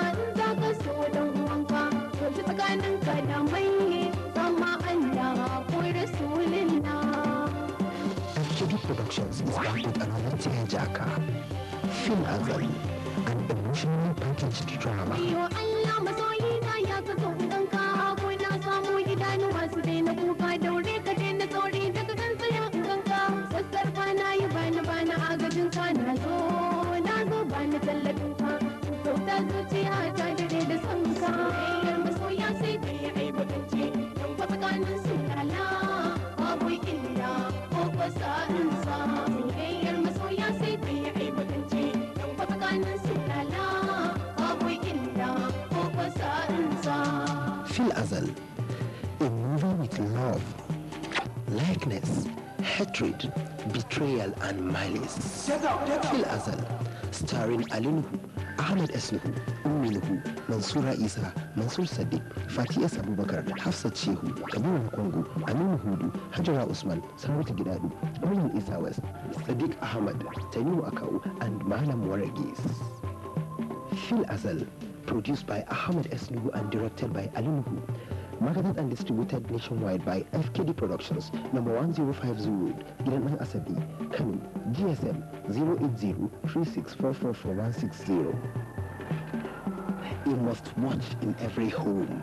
ka da mai zama Allah ko Rasulullah. Shiri Productions is founded on Jaka, an emotionally packaged drama. Yo Allah masoyina ya zato love, likeness, hatred, betrayal, and malice. Get up, get up. Fil Azal, starring Alinuhu, Ahmed Esnuhu, Uminuhu, Mansura Isa, Mansur Sadiq, Fatiya Abubakar, Hafsat Shehu, Kabiru Kwangu, Aminu Hudu, Hajara Usman, Sarauta Gidadu, Olin Isa West, Sadiq Ahmad, Tanimu Akau, and Malam Waragis. Fil Azal, produced by Ahmed Esnuhu and directed by Alinuhu. Marketed and distributed nationwide by FKD Productions, number 105 Zulu Gilanang Kanu, GSM 080 You must watch in every home.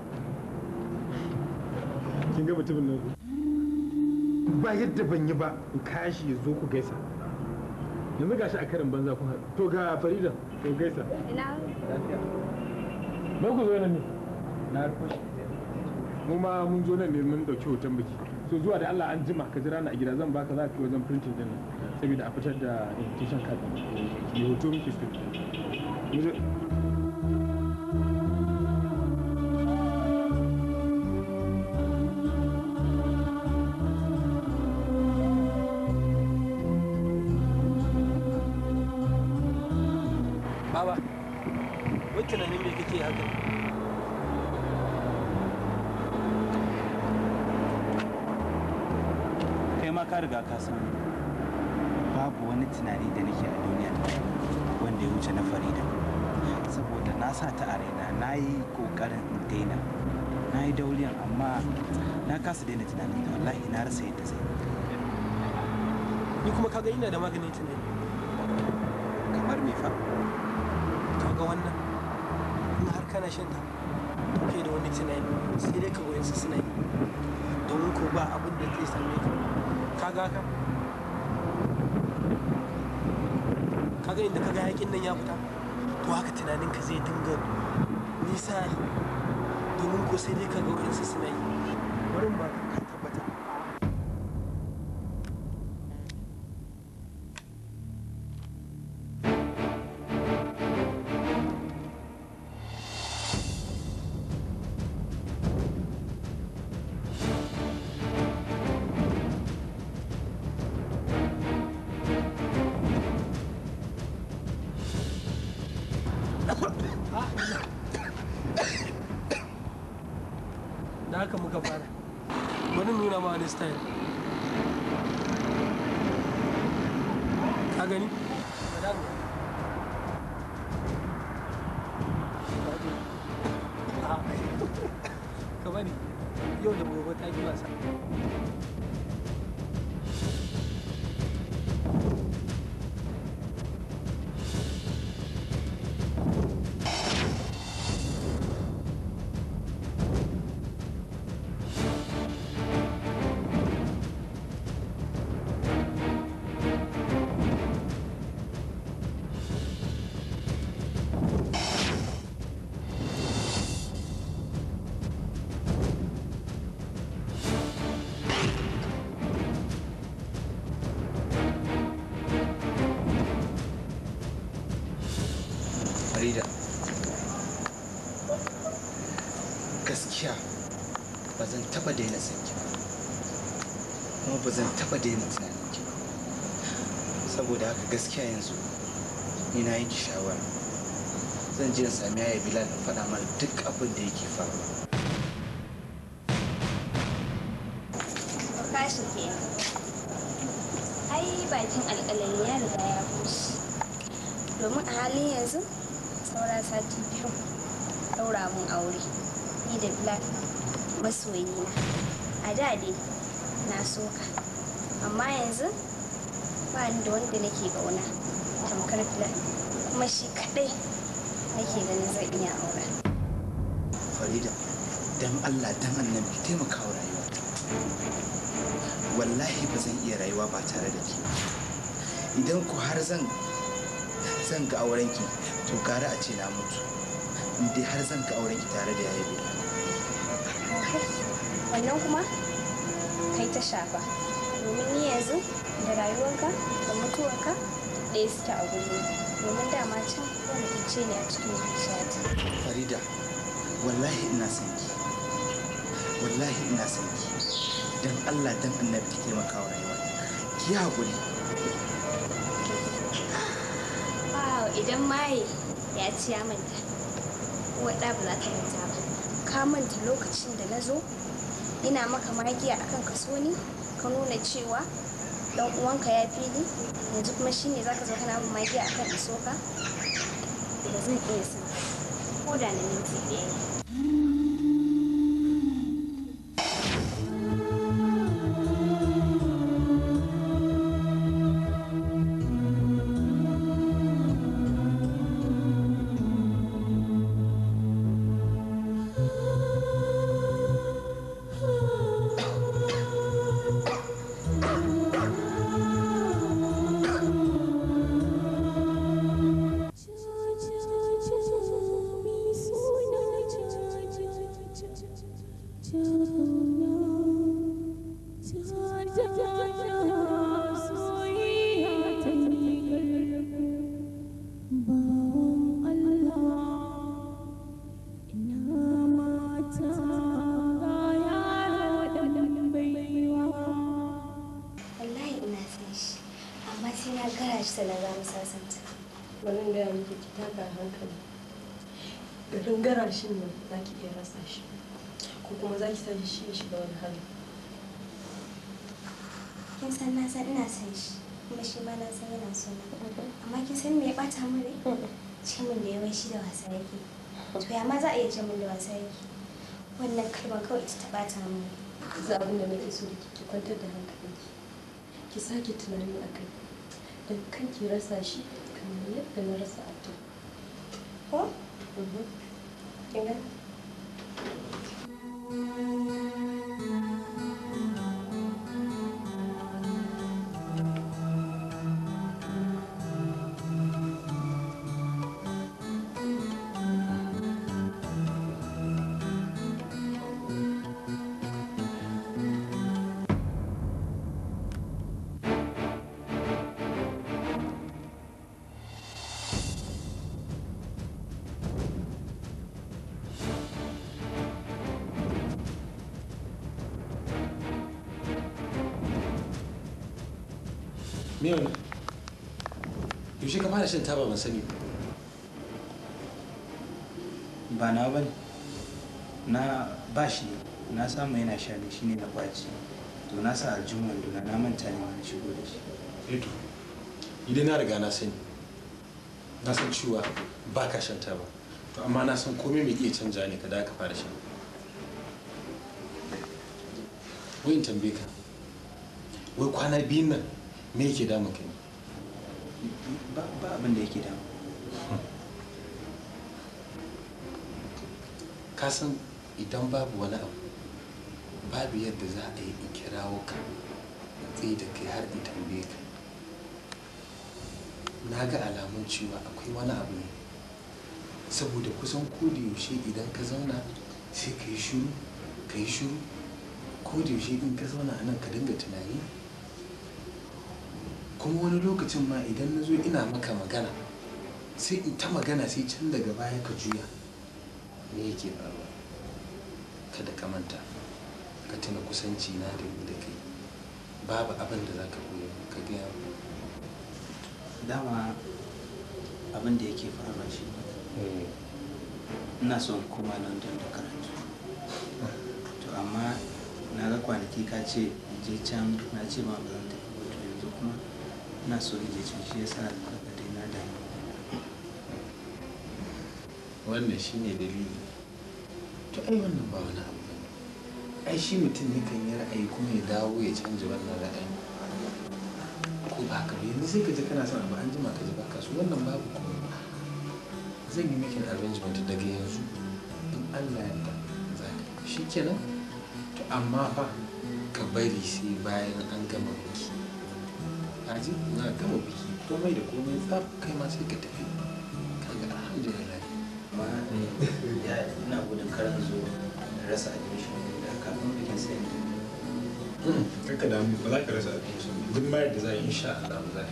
kin ga mutumin nan ba yadda ban yi ba in kashi ya zo ku gaisa yanzu gashi a karin banza ku haɗu to ga farida ko gaisa ina lafiya ba ku zo nan ne na rufe mu ma mun zo nan ne mun dauki hoton biki so zuwa da Allah an jima ka jira na a gida zan baka za ka wajen printing din saboda a fitar da invitation card ne hoto muke so ka san babu wani tunani da nake a duniya wanda ya wuce na farida saboda na sa ta arena na yi kokarin daina na yi dauliyan amma na kasa daina tunanin da wallahi na rasa yadda zai ni kuma kaga ina da maganin tunani kamar me fa kaga wannan in har kana shan ta ke da wani tunani sai dai ka goyi su suna yi domin ko ba abin da zai same ka kaga ka kaga inda kaga yakin nan ya fita to haka tunanin ka zai dinga nisa domin ko sai dai kaga waɗansu suna yi ba palestine ka gani ba zan taba daina tunanin ki ba saboda haka gaskiya yanzu ni na yanki shawara zan je in sami yaya bilal in faɗa mana duk abin da yake faruwa kashi ke ai bakin alƙalami ya riga ya bushe domin a halin yanzu saura sati biyu ɗaura mun aure ni da bilal masoyina a da dai na soka amma yanzu ba ni da wanda nake ƙauna tamkar fila kuma shi kaɗai nake ganin zai iya aura farida dan allah dan annabi taimaka wa rayuwa wallahi ba zan iya rayuwa ba tare da ke idan ku har zan zan ga aurenki to gara a ce na mutu in dai har zan ga aurenki tare da yayi guda wannan kuma kai ta shafa rayuwarka da mutuwarka ɗaya suke a ne domin dama can wani ice ne a cikin zuciyata farida wallahi ina sanki, wallahi ina sanki, don allah dan annabi ki taimaka wa rayuwa ki haƙuri idan maye ya ci ya manta uwar ba za ta manta ba ka manta lokacin da na zo ina maka magiya akan kaso ne ka nuna cewa dan uwanka ya fili yanzu kuma shine zaka zo kana mun magiya akan isoka da zan iya san ko da na minti ɗaya san na san ina san shi kuma shi ma na san yana so na amma kin san me ya bata mu ne ce min da yawan shi da wasa yake to ya ma za a iya ce min da wasa yake wannan kalmar kawai ita ta bata mu za abin da nake so da ki kwantar da hankalinki ki sake tunani a kai da kan ki rasa shi kamar yadda na rasa abdu ko? Mhm. kin ne yaushe ka fara shan taba ban sani ba na bane na ba shi ne na samu yana sha ne shine na kwaci to na sa aljihun wanduna na manta ne wani shigo da shi eto eh idan na riga na sani na san cewa ba ka shan taba to amma na san komai mai iya canja ne ka da ka fara shan in tambaye ka wai kwana biyun nan me yake damu kai ba abin da yake damu ka san idan babu wani abu babu yadda za a yi in kirawo ka tsaye da kai har in tambaye ka na ga alamun cewa akwai wani abu ne saboda kusan yaushe idan ka zauna sai ka yi shuru ka yi shuru yaushe idan ka zauna a nan ka dinga tunani kuma wani lokacin ma idan na zo ina maka magana sai in ta magana sai can daga baya ka juya me yake faruwa kada ka manta ka tuna kusanci na da da kai babu abin da za ka koya ka gaya dama abin da yake faruwa shi eh. ina son koma london da karatu to amma na ga kwanaki ka ce je can na ce ma ba zan tafi yanzu kuma na so yake cin shi sa da daina da wannan shi ne dalili to ai wannan ba wani abu ai shi mutum ne kan yi ra'ayi kuma ya dawo ya canji wannan ra'ayi ko ba ka yanzu sai ka ji kana son abu an jima ka ji baka su wannan babu kuma zan yi mikin arrangement daga yanzu in Allah ya yarda za ka shi kenan to amma fa ka bari sai bayan an gama biki kaji na gama biki komai da komai tsaf kai ma sai ka tafi kaga alhamdulillah ma ya ina gudun karan zo rasa admission da kafin bikin sai hmm, kakka da mu ba za ka rasa admission duk mayar da za a yi insha Allah ba za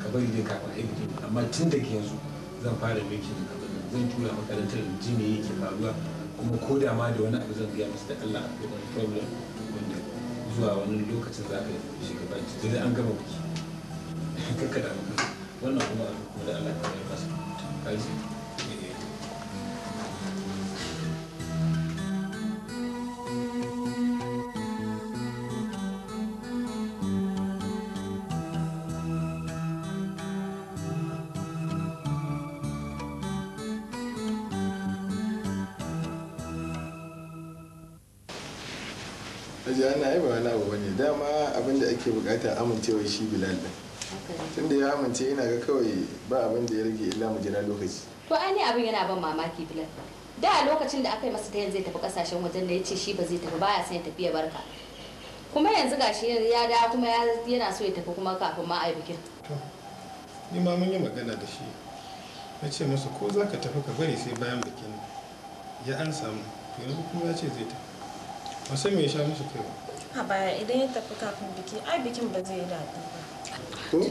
ka bari dai kafa a yi amma tun da ke yanzu zan fara bikin zan tura makarantar jini yake faruwa kuma ko da ma da wani abu zan gaya masa da Allah akwai wani problem wanda zuwa wani lokacin za ka shiga baki da an gama biki ajiya wannan kuma na yi ba wani abu bane dama abinda ake bukata amincewa shi Bilal din. tun da ya amince ina ga kawai ba abin da ya rage illa mu jira lokaci to ai ne abin yana ban mamaki bilal da lokacin da aka yi masa tayin zai tafi kasashen wajen da ya ce shi ba zai tafi baya son ya tafi ya barka kuma yanzu gashi ya da kuma yana so ya tafi kuma kafin ma a yi bikin ni ma mun yi magana da shi na ce masa ko za ka tafi ka bari sai bayan bikin ya an samu yanzu kuma ya ce zai tafi ba sai me ya sha musu kai ba a baya idan ya tafi kafin biki ai bikin ba zai yi daɗi ba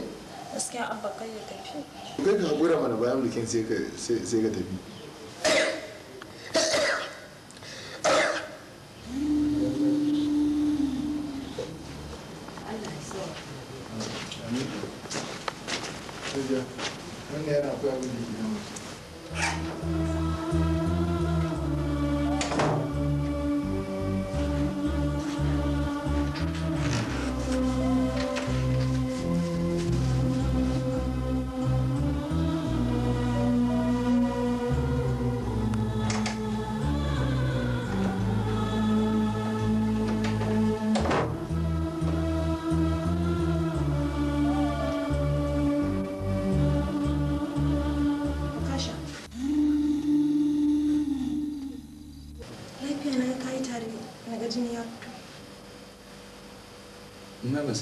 gaskiya abba kai ya tafi kai ka haƙura mana bayan bikin sai ka tafi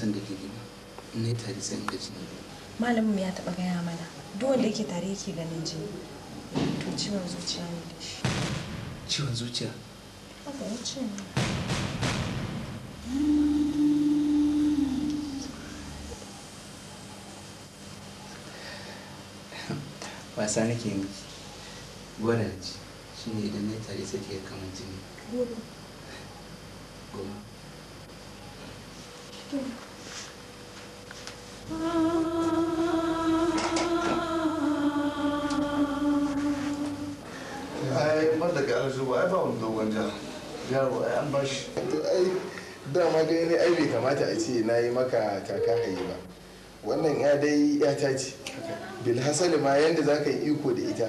ban da ke gida ne tare sai in ga jini malamin ya taba gaya mana duk wanda yake tare yake ganin jini to ciwon zuciya ne da shi ciwon zuciya haka ya ce [LAUGHS] wasa nake miki gwada shi ne idan na tare sai ke kamar jini an bashi to ai dama gani ne ai bai kamata a ce na yi maka kaka haye ba wannan ya dai ya ta ce bilhassali ma yadda za ka yi iko da ita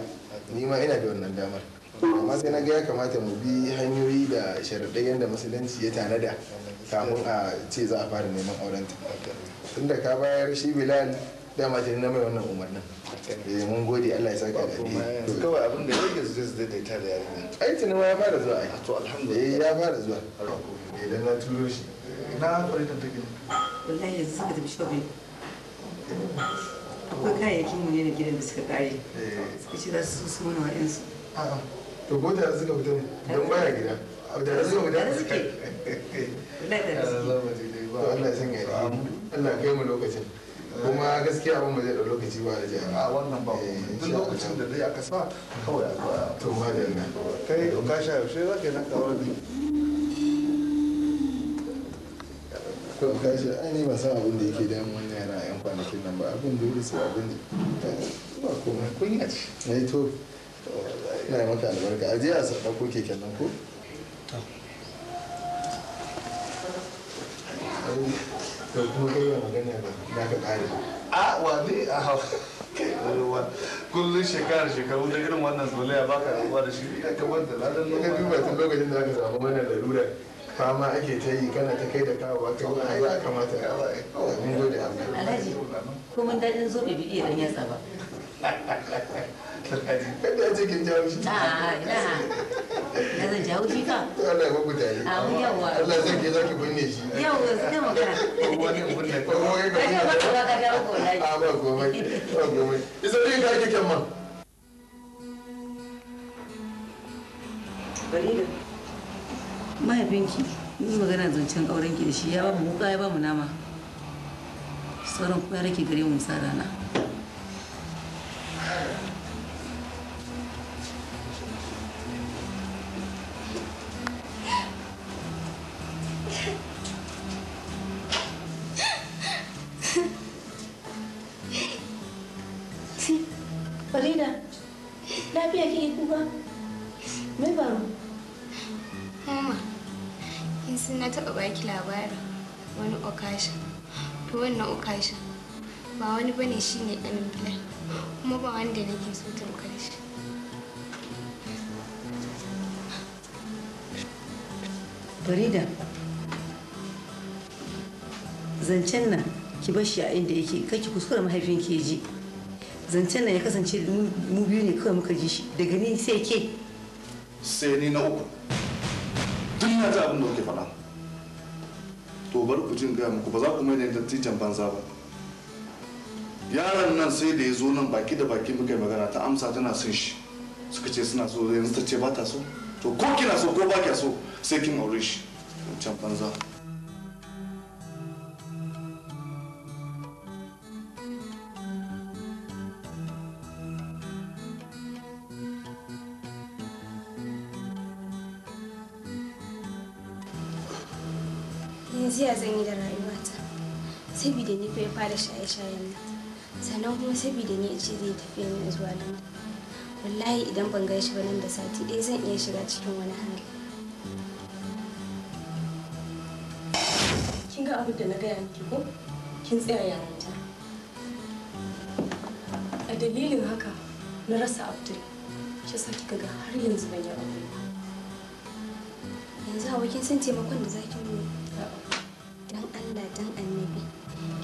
ni ma ina da wannan damar amma sai na ga ya kamata mu bi hanyoyi da sharaɗai yadda musulunci ya tanada kafin a ce za a fara neman aurenta tunda ka bayar shi bilal dama ta na mai wannan umarnin Eh, mun gode Allah ya saka da ni kawai abin da yake su su daidaita da yarinya ai tuni ma ya fara zuwa ai ah, to alhamdulillah eh, ya fara zuwa idan eh, na turo shi na faridan take wallahi yanzu suka tafi akwai kayayyakin mu ne na gidan da suka kare suka ce za su su mana wa'ansu to ko da suka fito don baya gida da suka da suke [LAUGHS] wallahi da suke Allah ya Allah ya kai mu lokacin kuma gaskiya abin ba zai ɗau lokaci ba da jihar a wannan ba eh, duk lokacin da dai aka sa kawai a to ma da nan kai ka sha yaushe za ka yi nan kawar ne to ka shi ai ba san abin da yake damun wannan yana yan kwanakin nan ba abin dole sai abin da ba komai kunya ce ai eh, to ina yi maka albarka a a sa ɗauko keken nan ko Thank you. to kuma kai ba magana ba [LAUGHS] kullum shekarar shekaru da irin wannan zolaya ba ka rabuwa da shi ya kamar da ladan nan ka duba tun lokacin da aka samu mana larura fama ake ta yi kana ta kai da kawowa kai wani ayi a kamata ya ba mun gode Allah alhaji kuma mun zo bai bi iya dan yatsa [LAUGHS] da ce kin jawo shi a da zan jawo shi ka Allah ya yawa Allah zai ke zaki binne shi yawa zai maka ko wani binne ko wani ba ka ga ko a ba isa kike kan ma mahaifinki yin magana zancen aurenki da shi ya ba mu wuka ya ba mu nama sauran kuma ya rake gare mu sa rana shine dan biya kuma ba wanda nake so tamkar shi Farida zancen nan ki bar shi a inda yake kai ki kuskura mahaifin ke ji zancen nan ya kasance mu biyu ne kawai muka ji shi daga ni sai ke sai ni na uku tun na ji abin da kuke faɗa to bar ku jin gaya muku ba za ku mai da dattijan banza ba yaron nan sai da ya zo nan baki da baki muka yi magana ta amsa tana son shi suka ce suna so yanzu ta ce ba ta so to ko kina so ko ba kya so sai kin aure shi can banza yanzu ya zan yi da rayuwata da ni fa ya fara shaye-shayen nan sannan kuma saboda ni ce zai tafiya ni zuwa nan wallahi idan ban gaishe ba nan da sati ɗaya zan iya shiga cikin wani hali kin ga abin da na gaya miki ko kin tsaya yaranta a dalilin haka na rasa abdul shi sa kika ga har yanzu ban yi aure yanzu hawa kin san taimakon da zaki mu dan Allah dan annabi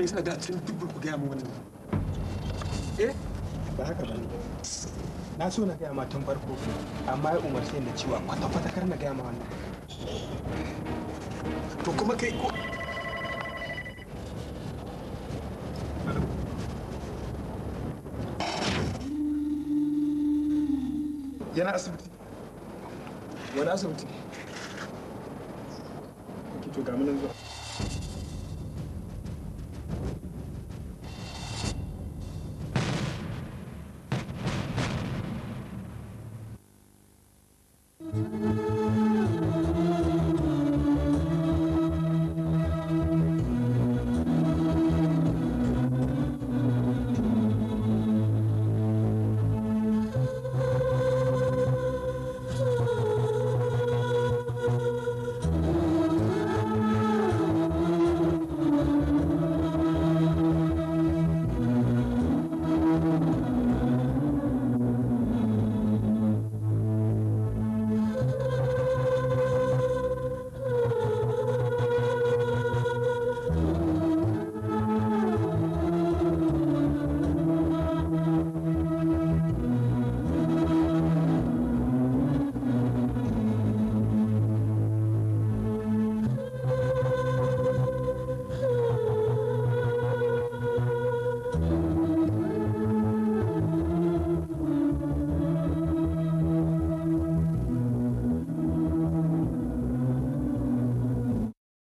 me yasa da tun duk ku gaya mu wannan eh ba haka ba na so na gaya matan farko amma ya umarce ni da cewa kwata kwata kar na gaya ma wannan to kuma kai ko yana asibiti wani asibiti